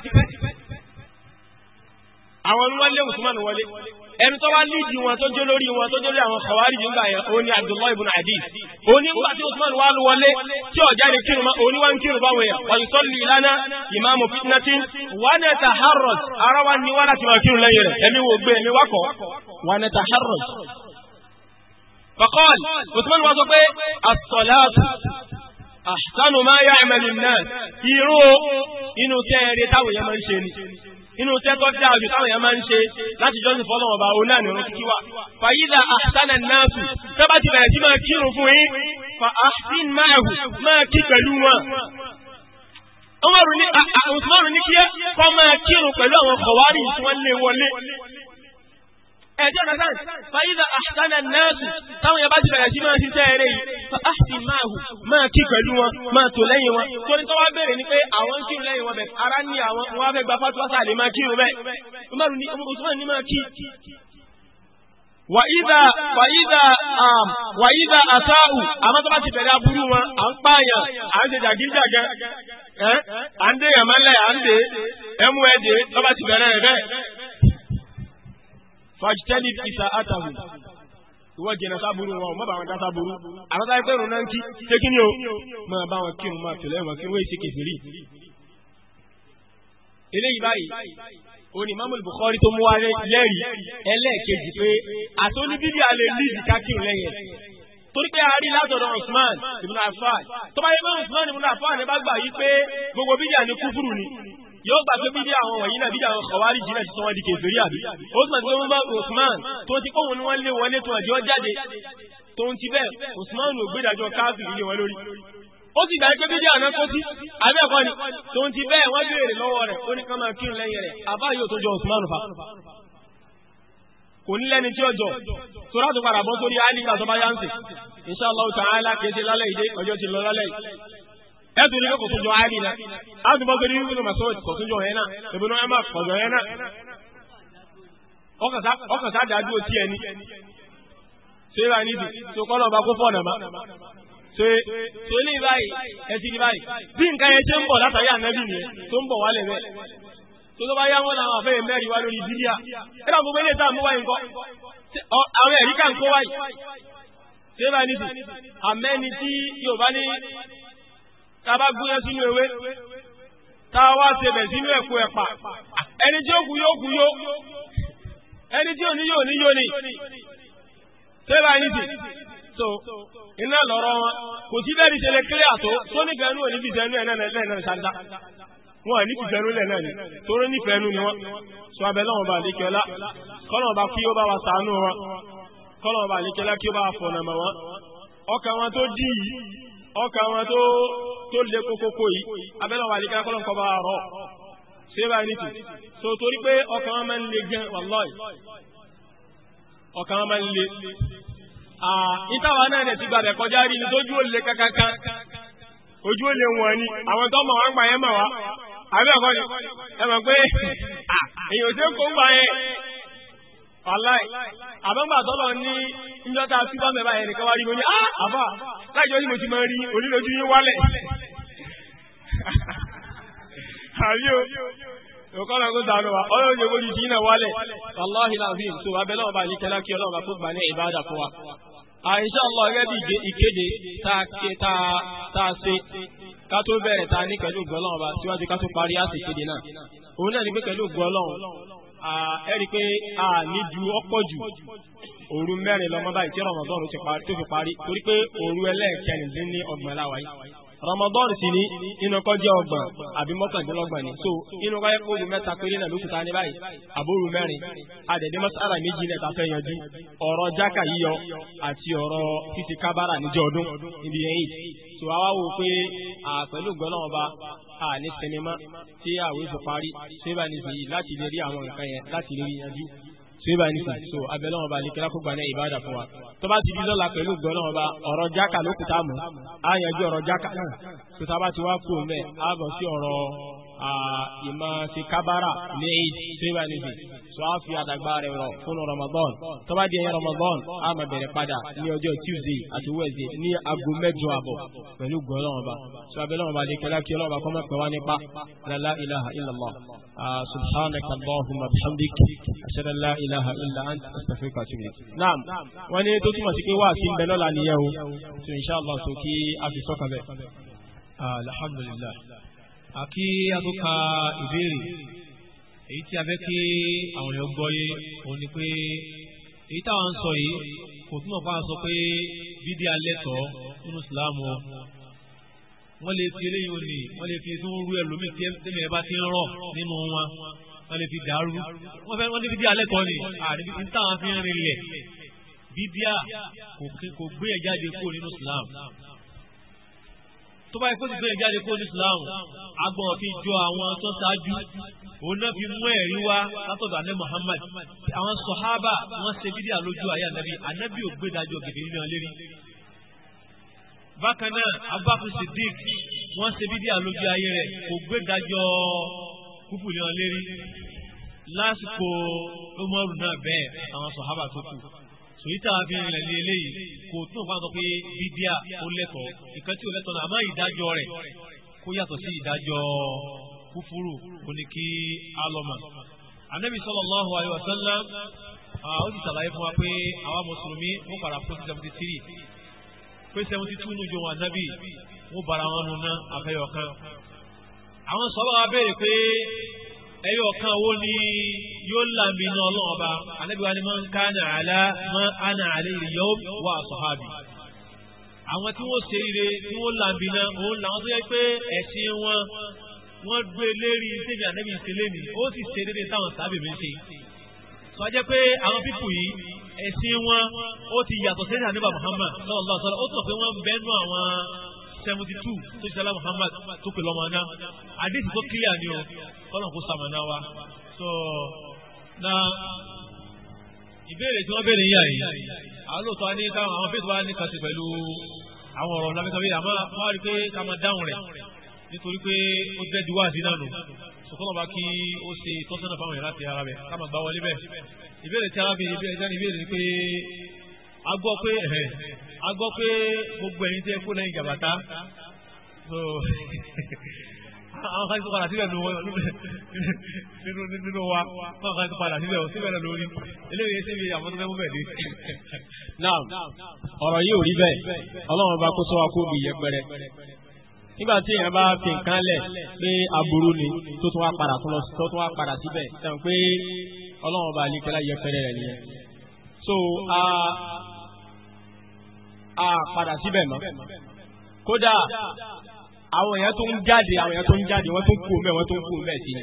àwọn ni wọ́n lé Usman wọlé ẹni tó wá lídìí wọn tó jó lórí wọn tó jó lórí àwọn khawarij nígbà yẹn ó ní abdullahi ibn adi òní nígbà tí usman wà ló wọlé tí ọjà ni kírun ma òní wá ń kírun báwọn yẹn wọ́n sọ lè lánà ìmáàmù fitnati wọn ẹ̀ ta harrod ara wa ní wàhálà tí wọn kírun lẹ́yìn rẹ̀ ẹ̀mí wo gbé ẹ̀mí wakọ̀ wọn ẹ̀ ta harrod. usman wá sọ pé asọ́láàtù àṣánù máa náà irú inú tẹ́ẹ̀rẹ́ táwọn yẹn máa ń ṣe ni inú tẹ́tọ́ tí àjò táwọn èèyàn máa ń ṣe láti jọ́sìn fọ́lọ́ ọba òun náà nìrún kíkí wà. fàyídà àṣánà náàsù tẹ́bà ti bẹ̀rẹ̀ sí máa kírun fún yín fa àṣín máàhù máa kí pẹ̀lú wọn. Umaru ní kí ẹ kọ́ máa kírun pẹ̀lú àwọn kọ̀wárì tí wọ́n lé wọlé ẹ̀jẹ̀ ọ̀nà sáà fàyídà àṣánà nẹ́ẹ̀sì táwọn yẹn bá ti bẹ̀rẹ̀ sí máa ṣiṣẹ́ eré yìí a sì máa hù máa kí pẹ̀lú wọn máa tò lẹ́yìn wọn torí tó wá bèèrè ni pé àwọn ń kírun lẹ́yìn wọn bẹ̀ ara ní àwọn wọn fẹ́ gba fatuwa sáà lè máa kírun bẹ́ẹ̀ umaru ní usman ní máa kí. wàyídà wàyídà wàyídà àṣáù àmọ́ tó bá ti bẹ̀rẹ̀ aburú wọn à ń pààyàn à ń ṣe jàgídíjàgan à ń dé yàmẹ́lẹ̀ à ń dé ẹmu ẹ̀ dé tó bá ti bẹ̀rẹ̀ bẹ́ẹ̀ Fajtani ìsà àtàwù ìwọ jìnnà sábúrú wọn má bá wọn dá sábúrú àwọn táyé pẹ́rù náà ń kí ṣé kí ni o máa bá wọn kírun máa tẹ̀lé wọn kí wọ́n ṣe kẹfìrí. eléyìí báyìí òní mamul Bukhari tó mú wa lẹ́rìí ẹlẹ́ẹ̀kejì pé àtọ́ni bíbí alẹ́ lídìí ká kírun lẹ́yìn torí pé a rí látọ̀dọ̀ Usman ibùdó àfáà tó bá yẹ Usman ibùdó àfáà ní bá gbà yí pé gbogbo bíjà ni kúfùrù ni yóò gbà pé bídí àwọn wọ̀nyí náà bídí àwọn kọ̀wárí jìnnà ti sọ wọn di kèfèrí àbí ó sì mọ̀ pé Usman tó ti kóhun ni wọ́n lé wọlé tó àjọ jáde tó ń ti bẹ́ẹ̀ Usman ò gbé ìdájọ́ káàkiri lé wọn lórí ó sì gbà pé bídí àná kó sí àbí ẹ̀kọ́ ni tó ń ti bẹ́ẹ̀ wọ́n béèrè lọ́wọ́ rẹ̀ ó ní ká máa kírun lẹ́yìn rẹ̀ àbá yóò tó jọ Usman fa kò ní lẹ́ni tí ọjọ́ tó rà tó padà bọ́ sórí ẹ̀tún ní kò túnjọ áìlì náà áàtùbọ́ tó ní ìpínlẹ̀ masọ́ọ̀tì kò túnjọ ẹ̀ náà ìbínú ẹ̀ máa kọ̀jọ ẹ̀ náà ọkàn sá dájú òtí ẹ̀ ní ṣé bá nídìí tó kọ́ náà bá kó fọ́ọ̀nà má ṣe ṣe ní báyìí ẹ ti ní báyìí bí nǹkan yẹn ṣe ń bọ̀ látàrí ànábì nìyẹn tó ń bọ̀ wálẹ̀ bẹ́ẹ̀ tó tó bá yá wọn làwọn àfẹ́yẹ mẹ́rin wá lórí bíbíà ẹ náà gbogbo ilé tá à ń mú wáyé nǹkan àwọn ẹ̀rí kà ń tá bá gúnyán sínú ewé tá a wá ṣe bẹ̀ sínú ẹ̀kú ẹ̀pà ẹni tí ó kú yóò kú yó ẹni tí ò ní yóò ní yó ni tẹ́lá ẹni sì so iná lọ́rọ̀ wọn kò sí bẹ́ẹ̀ ni ṣe lè kílẹ̀ àtó tó nífẹ̀ẹ́ nù òní fìfẹ́ nù ẹ̀ náà lẹ́yìn náà ṣáńdá wọn ní fìfẹ́ nù lẹ́yìn náà ni torí nífẹ̀ẹ́ nù ni wọn sọ abẹ́ lọ́wọ́ bá àlékẹ́lá kọ́lọ́ bá kí ó bá wa sàánú wọn kọ́lọ́ bá àlékẹ́lá kí ó bá wa fọ̀nà mọ́ wọn ọkàn wọn tó dì í ọkà wọn tó tó lé kókókó yìí abẹ́lẹ̀ wà ní kákọ́lọ́ nǹkan bá rọ̀ ṣé bá ní tù so torí pé ọkà wọn máa ń le gan wàlọ́ọ̀ì ọkà wọn máa ń le ìtawà náà dẹ̀ ti gbàgbẹ́ kọjá rí ni tójú ó le kankan ojú ó le wọ̀n ni àwọn tó mọ̀ wá gbà yẹn mọ̀ wá àbí ọ̀kọ́ ni ẹ mọ̀ pé èèyàn ò wàláì abụọ tọ́lọ̀ ní ìjọta síbá mẹ́bà ẹ̀rẹ̀ kan wá rí mo ní ah, àbá láìjọ́ yìí mo ti máa rí onílójú yín wálẹ̀ àbí òkọ́ náà kó sànù wa ọ̀rọ̀ òjò di ti iná wálẹ̀ tó wà kí fún wa. àìsàn bí ìkéde tá a ṣe ká tó bẹ̀rẹ̀ ta ní pẹ̀lú síwájú ká tó parí àṣìkéde náà òun náà ẹ i pé a ní ju ọ̀pọ̀ jù òru mẹ́rin lọ́mọ báyìí tí Ramadan tó fi parí torí pé òru ẹlẹ́ẹ̀kẹrìndínlọ́gbọ̀n láwàá yìí ramadan sì ni inú kọ́ jẹ́ ọgbọ̀n àbí mọ́kàndínlọ́gbọ̀n ni so inú kọ́ yẹ kó oru mẹ́ta péré náà ló kùtà ní báyìí àbóru mẹ́rin àdẹ̀dẹ̀ mọ́sára méjì náà ta fẹ́ yanjú ọ̀rọ̀ jáka yíyọ àti ọ̀rọ̀ títí kábàrà níjọ́ ọdún níbi ẹ̀yìn so àwa wò pé àpẹ̀lú gbọ́lọ́mọba àní sinimá tí àwòsàn parí síbẹ̀ nísìnyí láti lè rí àwọn nǹkan yẹn láti lè rí yanjú síbà nísìnyí so abẹ́lẹ́wọ̀n ba nìkẹ́lá kó gba ní ìbáradà fún wa tó bá ti di lọ́la pẹ̀lú gbọ́lọ́wọ̀n ba ọ̀rọ̀ jáka ló kùtà mọ́ á yanjú ọ̀rọ̀ jáka náà tó tá a bá ti wá kú òun bẹ́ẹ̀ bọ̀ sí ọ̀rọ̀ ìmọ̀ ṣe kábàárà ní èyí tó yẹ bá ní sè so a fi àdàgbà rẹ̀ rọ̀ fún Ramadan tó bá di ẹ̀yìn Ramadan a máa bẹ̀rẹ̀ padà ní ọjọ́ Tuesday àti Wednesday ní aago mẹ́jọ àbọ̀ pẹ̀lú gbọ́n lọ́wọ́ bá so abẹ́ lọ́wọ́ bá lè kẹ́lá kí ọlọ́wọ́ bá kọ́ mọ́ pẹ̀ wá nípa la ilaha illallah ah, subhanaka allahumma bihamdik ashhadu an la ilaha illa ant astaghfiruka wa atubu naam wọ́n ní tó túmọ̀ sí pé wá sí ń nìyẹn o so inshallah so kí a bẹ́ẹ̀ ah, alhamdulillah àkí àtúkà ìbéèrè èyí tí a fẹ́ kí àwọn èèyàn gbọ́yé òun ni pé èyí táwọn ń sọ yìí kò túmọ̀ fún àṣọ pé bíbí alẹ́ tọ́ nínú ìsìláàmù ọ wọ́n lè fi eléyìí òní wọ́n lè fi tún rú ẹlòmíì tí ẹ̀mí ẹ̀ bá ti ń rọ̀ nínú wọn wọ́n lè fi dàrú wọ́n fẹ́ wọ́n ní alẹ́ tọ́ ni àdébí tí táwọn fi ń rinlẹ̀ bíbí kò gbé ẹ̀ jáde kúrò nínú ìsìláàmù tó bá yẹ kó ti gbé ìjáde kó ní Islam agbọ̀n fi jọ àwọn tó ṣáájú òun náà fi mú ẹ̀rí wá látọ̀dọ̀ alẹ́ Muhammad àwọn sọ̀hábà wọ́n ṣe bídí àlójú ayé ànábì ànábì ò gbé dájọ́ gèdè nínú ẹlẹ́rìí. bákan náà Abubakar Siddiq wọ́n ṣe bídí àlójú ayé rẹ̀ kò gbé dájọ́ kúkú nínú ẹlẹ́rìí lásìkò Umaru náà bẹ́ẹ̀ àwọn sọ̀hábà tó kù sòyítà fi rìnlẹ̀ lé eléyìí kò tún òfin sọ pé bídíà ó lẹ́tọ̀ọ́ nǹkan tí ò lẹ́tọ̀ọ́ náà àmọ́ ìdájọ́ rẹ̀ kó yàtọ̀ sí ìdájọ́ kúfúrú kò ní kí á lọ mà. anabi sallallahu alaihi wasallam ó ti sàlàyé fún wa pé àwa mùsùlùmí ó padà fún seventy three pé seventy two ní ojú wọn anabi ó bara wọn nù ná afẹ́yọ̀ kan. àwọn sọ́lọ́ wa pé ẹyọ kan wo ni yóò làmì iná ọlọ́run ọba anábìwá ni máa ń ká ní àlá máa ana àlẹ́ ìyọ́ wà sọ́hábì. àwọn tí wọ́n ṣe ire tí wọ́n làmì iná òun làwọn tó yẹ pé ẹ̀sìn wọn wọ́n gbé lérí débi ànábì ìṣẹ̀lẹ̀ ni ó sì ṣe déédéé táwọn sábì mi ṣe. sọ jẹ́ pé àwọn pípù yìí ẹ̀sìn wọn ó ti yàtọ̀ sí ànábì Muhammad sallallahu ó sọ pé wọ́n bẹ́nu àwọn seventy two tó ti sẹ́lá Muhammad tó pè lọ́mọ aná àdéhùn tó kílíà ni o kọ́nà kó sàmànà wa so na ìbéèrè tí wọ́n béèrè yíyà yìí àwọn olóòótọ́ ní táwọn àwọn fèsì wa ní kàṣì pẹ̀lú àwọn ọ̀rọ̀ lábẹ́sàbí àmọ́ wọ́n á rí pé ká máa dáhùn rẹ̀ nítorí pé ó dẹ́jú wá sí náà nù sọkọ́nà bá kí ó ṣe ìtọ́sọ́nà fáwọn ìrántí ara rẹ̀ ká máa gbá wọlé bẹ́ẹ̀ ìbéèrè a pé ẹ̀hẹ̀ a so àwọn kan tó padà síbẹ̀ nínú wa kan tó padà síbẹ̀ síbẹ̀ náà lórí eléyìí síbi àwọn tó fẹ́ mú bẹ̀ dé. ọ̀rọ̀ yìí ò rí bẹ́ẹ̀ ọlọ́run bá kó sọ kó bí yẹpẹrẹ nígbà tí èèyàn bá fi nǹkan lẹ̀ pé aburú ni tó tún wá padà tó lọ tó tún wá padà síbẹ̀ pé ọlọ́run bá a padà síbẹ̀ mọ́ kódà àwọn èèyàn tó ń jáde àwọn èèyàn tó ń jáde wọ́n tó ń kú mbẹ́ wọ́n tó ń kú mbẹ́ sí i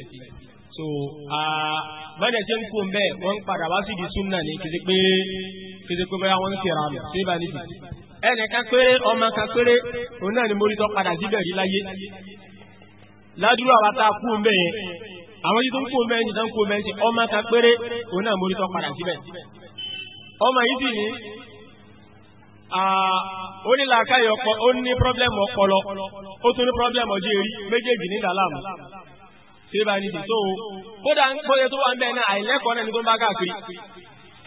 so bọ́dẹ̀ tí ń kú mbẹ́ wọ́n ń padà wá sí di súnà ní kìí pé kìí pé bóyá wọ́n ń fèrè àmì sí ibà níbi ẹnì kan péré ọmọ kan péré òun náà ni mórí tó padà síbẹ̀ rí láyé ládùúrú àwa tá a kú mbẹ́ yẹn àwọn yìí tó ń kú mbẹ́ yẹn tó ń kú mbẹ́ yẹn ọmọ kan péré òun náà mórí tó padà síbẹ̀ ọmọ yìí sì ní ó ní làákàyè ọpọ ó ní pọ́blẹ́mù ọpọlọ ó tún ní pọ́blẹ́mù ọjọ́ èrí méjèèjì ní dàlámù tí bá ní tìtò o kódà ń pọ́yẹ tó wà ń bẹ́ẹ̀ náà àìlẹ́kọ̀ọ́ náà ni tó ń bá káàkiri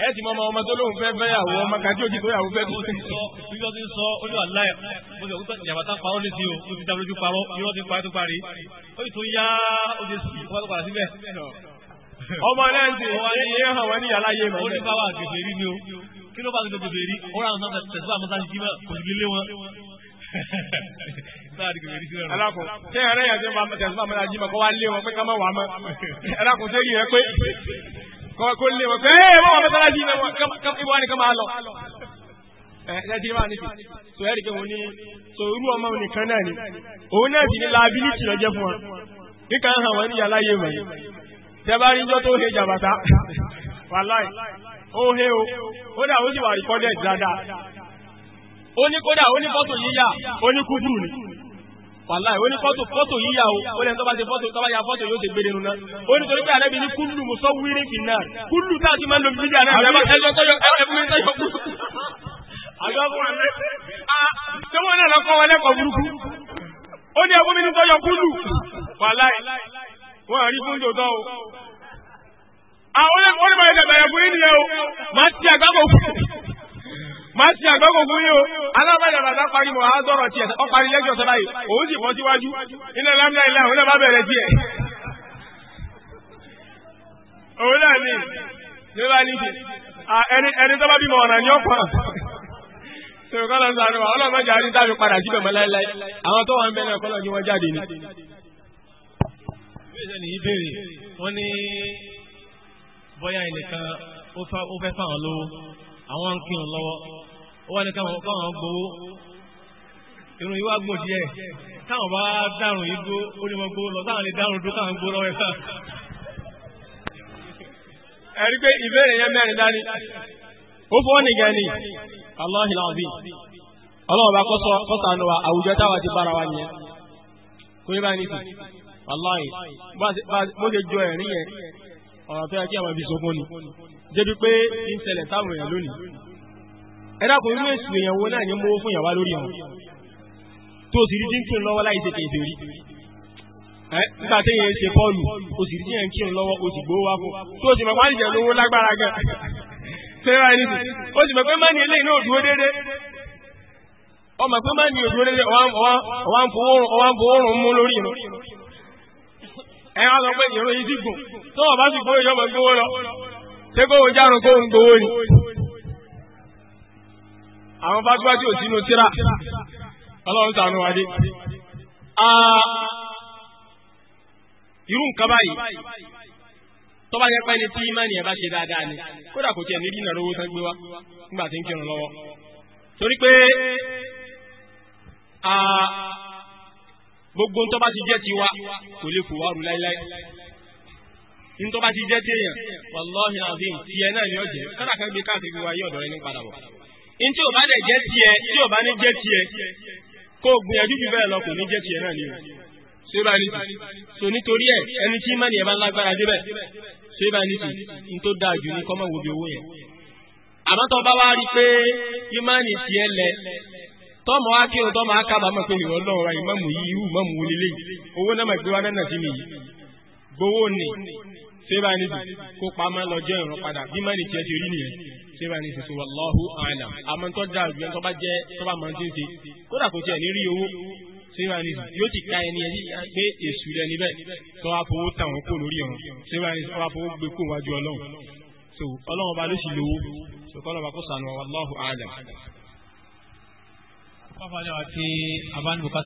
ẹ ti mọ ọmọ ọmọ tó lóun fẹ́ fẹ́yàwó ọmọ kàdí òjì tó yàwó fẹ́ tó ti sọ bíbí ti sọ ó ní àláyà mo sì ọ̀gbọ́n ìyàwó tá parọ́ létí o ó ti dá lójú parọ́ irọ́ ti parí tó parí ó sì tún yá ó ti sì wọ́n tó padà síbẹ̀. ọmọ náà ń sè é ní hàn wọ́n ní yàrá yé màá. ó ní báwa àgbègbè rí ni o kí ló bá ti gbogbo bèrè ó rà wọn tẹ̀síwá mọ́tà sí jímọ̀ kò sì lé wọn. Alákò ṣé ẹ̀rẹ́ yẹn ṣe máa tẹ̀síwá mọ́tà jímọ̀ kó wá lé wọn pé ká má wà á mọ́. Alákò ṣé yìí rẹ pé kó lé wọn pé ẹ̀ mọ́ wà mọ́tà jímọ̀ ibò wá ní ká máa lọ. Ẹ̀ẹ́dẹ́gbẹ̀rún máa níbi tó ẹ̀rí pé mo ní so irú ọmọ nìkan náà ni òun náà sì ní liability lọ jẹ́ fún wọn níkan hàn wọ́n ní yàrá yé wọ̀nyí tẹ́ bá rí ijọ́ ó hé o kódà ó sì wà rìkọ́dẹ̀ dáadáa ó ní kódà ó ní fọ́tò yíyà ó ní kúfùrù ni wàláì ó ní fọ́tò fọ́tò yíyà o ó lẹ́nu tó bá ṣe fọ́tò tó bá ya fọ́tò yóò ṣe gbére nuna ó ní torí pé àrẹ́bí ní kúlù mùsọ̀ wírí fìnnà kúlù tá a ti máa ń lo fídíà náà ẹ̀jọ̀ tọ́jọ́ ẹ̀jọ̀ kúlù. àjọ fún ẹ ah, ṣé wọn náà lọ kọ́ wọn lẹ́kọ̀ọ́ burúkú ó ní ẹkún mi ní tọ́jọ́ kúlù wàláì wọn àrí fún jòdọ́ o àwọn onímọ̀ ẹ̀dẹ̀ bẹ̀rẹ̀ fún yín nìyẹn o máa ti àgbákò fún máa ti àgbákò fún yín o alábàdàn bàtà parí mọ̀ á dọ̀rọ̀ tiẹ̀ ọ parí lẹ́jọ́ sọ báyìí òun sì bọ́ síwájú iná lámìlá ilé àwọn náà bá bẹ̀rẹ̀ tiẹ̀. òun náà ni ṣé bá ní ṣe ẹni ẹni tó bá bímọ ọ̀nà ni ó pọ̀ tòun kọ́ lọ sànù wa ọlọ́run mẹ́jọ àti táàbí padà síbẹ̀ mọ́ láéláé àwọn tó wà ń bẹ náà kọ́ lọ ní wọ́n jáde ni. bí ìṣẹ̀lẹ̀ yìí béèrè wọ́n ní bóyá ẹnìkan ó fẹ́ fáwọn lówó àwọn ń kírun lọ́wọ́ ó wá ní káwọn gbowó irun yìí wá gùn díẹ̀ táwọn bá dárùn yìí gbó ó ní wọn gbowó lọ táwọn lè dárùn dó táwọn gbowó lọ́wọ́ ẹ̀fà. ẹ̀rí pé ìbéèrè yẹn mẹ́rin dání ó fọwọ́ nìkan ni aláhi ọlọ́run bá kọ́sà nù wa àwùjọ táwa ti bára wa nìyẹn kó yẹ báyìí nìkan aláhi bó ṣe jọ ẹ̀rí yẹn ọ̀rọ̀ tó yẹ kí àwọn ibi sókún ni débi pé ń ṣẹlẹ̀ táwọn èèyàn lónìí ẹ dákun inú èsì èèyàn wo náà ní mú fún ìyàwó lórí àwọn tó sì rí tí ń kírun lọ́wọ́ láì ṣe kèèdè rí ẹ nígbà tí èèyàn ṣe pọ́ọ̀lù o sì rí tí èèyàn kírun lọ́wọ́ o sì gbowó wá fún tó sì mọ̀ pé àlìjẹ̀ lówó lágbára gan sẹ́wà ní o sì ọwá ń fowó mú lórí ìrùn ẹ wá lọ pé ìrún yìí ti gùn tó wọn bá sì gbówó yọmọ gbówó lọ ṣé kó wọn járun kó wọn gbówó ni. àwọn fatuwa tí ò sínú tíra ọlọ́run sànú wa irú nǹkan báyìí tọ́ba yẹ ni kódà kò tiẹ̀ ní gbogbo ntọ́ bá ti jẹ́ tiwa kò lè kó wa rú láíláí ntọ́ bá ti jẹ́ téèyàn wàlọ́hìn àfihàn tiẹ̀ náà ni ó jẹ́ kọ́dà kan gbé káàkiri gbogbo ayé ọ̀dọ́ rẹ ní padà bọ̀ ntí ò bá dẹ̀ jẹ́ tiẹ̀ tí ò bá ní jẹ́ tiẹ̀ kó o gbìyànjú jù bẹ́ẹ̀ lọ kò ní jẹ́ tiẹ̀ náà ni o ṣé bá ní ti so nítorí ẹ ẹni tí mẹ́ni ẹ lágbára débẹ̀ ṣé bá ní ti ntó dáa jù ní kọ́mọ bí owó yẹn àmọ́ bá wá rí pé ìmánì tiẹ̀ lẹ tọ́mọ̀ wá kí ọ̀tọ́ máa kábàámọ̀ pé ìwọ lọ́wọ́ wa ìmọ̀mù yìí irú ìmọ̀mù lílé owó náà máa gbé wá náà sí mi yìí gbowó ni sébà ní bi kó pamọ́ lọ́jọ́ ìrún padà bí mọ́ni tiẹ̀ ti rí nìyẹn sébà ní sísè wallahu a'lam amọ̀ntọ́ da àgbẹ̀ tó bá jẹ́ tó bá máa ti ń ṣe kódà kò tiẹ̀ ní rí owó sébà ní yóò ti ka ẹni ẹni pé èṣù rẹ níbẹ̀ tó wá fowó tàn wọ́n kó lórí ọ̀run sébà ní wá fowó gbé kó wájú ọlọ́run so ọlọ́run ọba ló sì lówó so kọ́lọ́ àbáníwá tí abánibùkà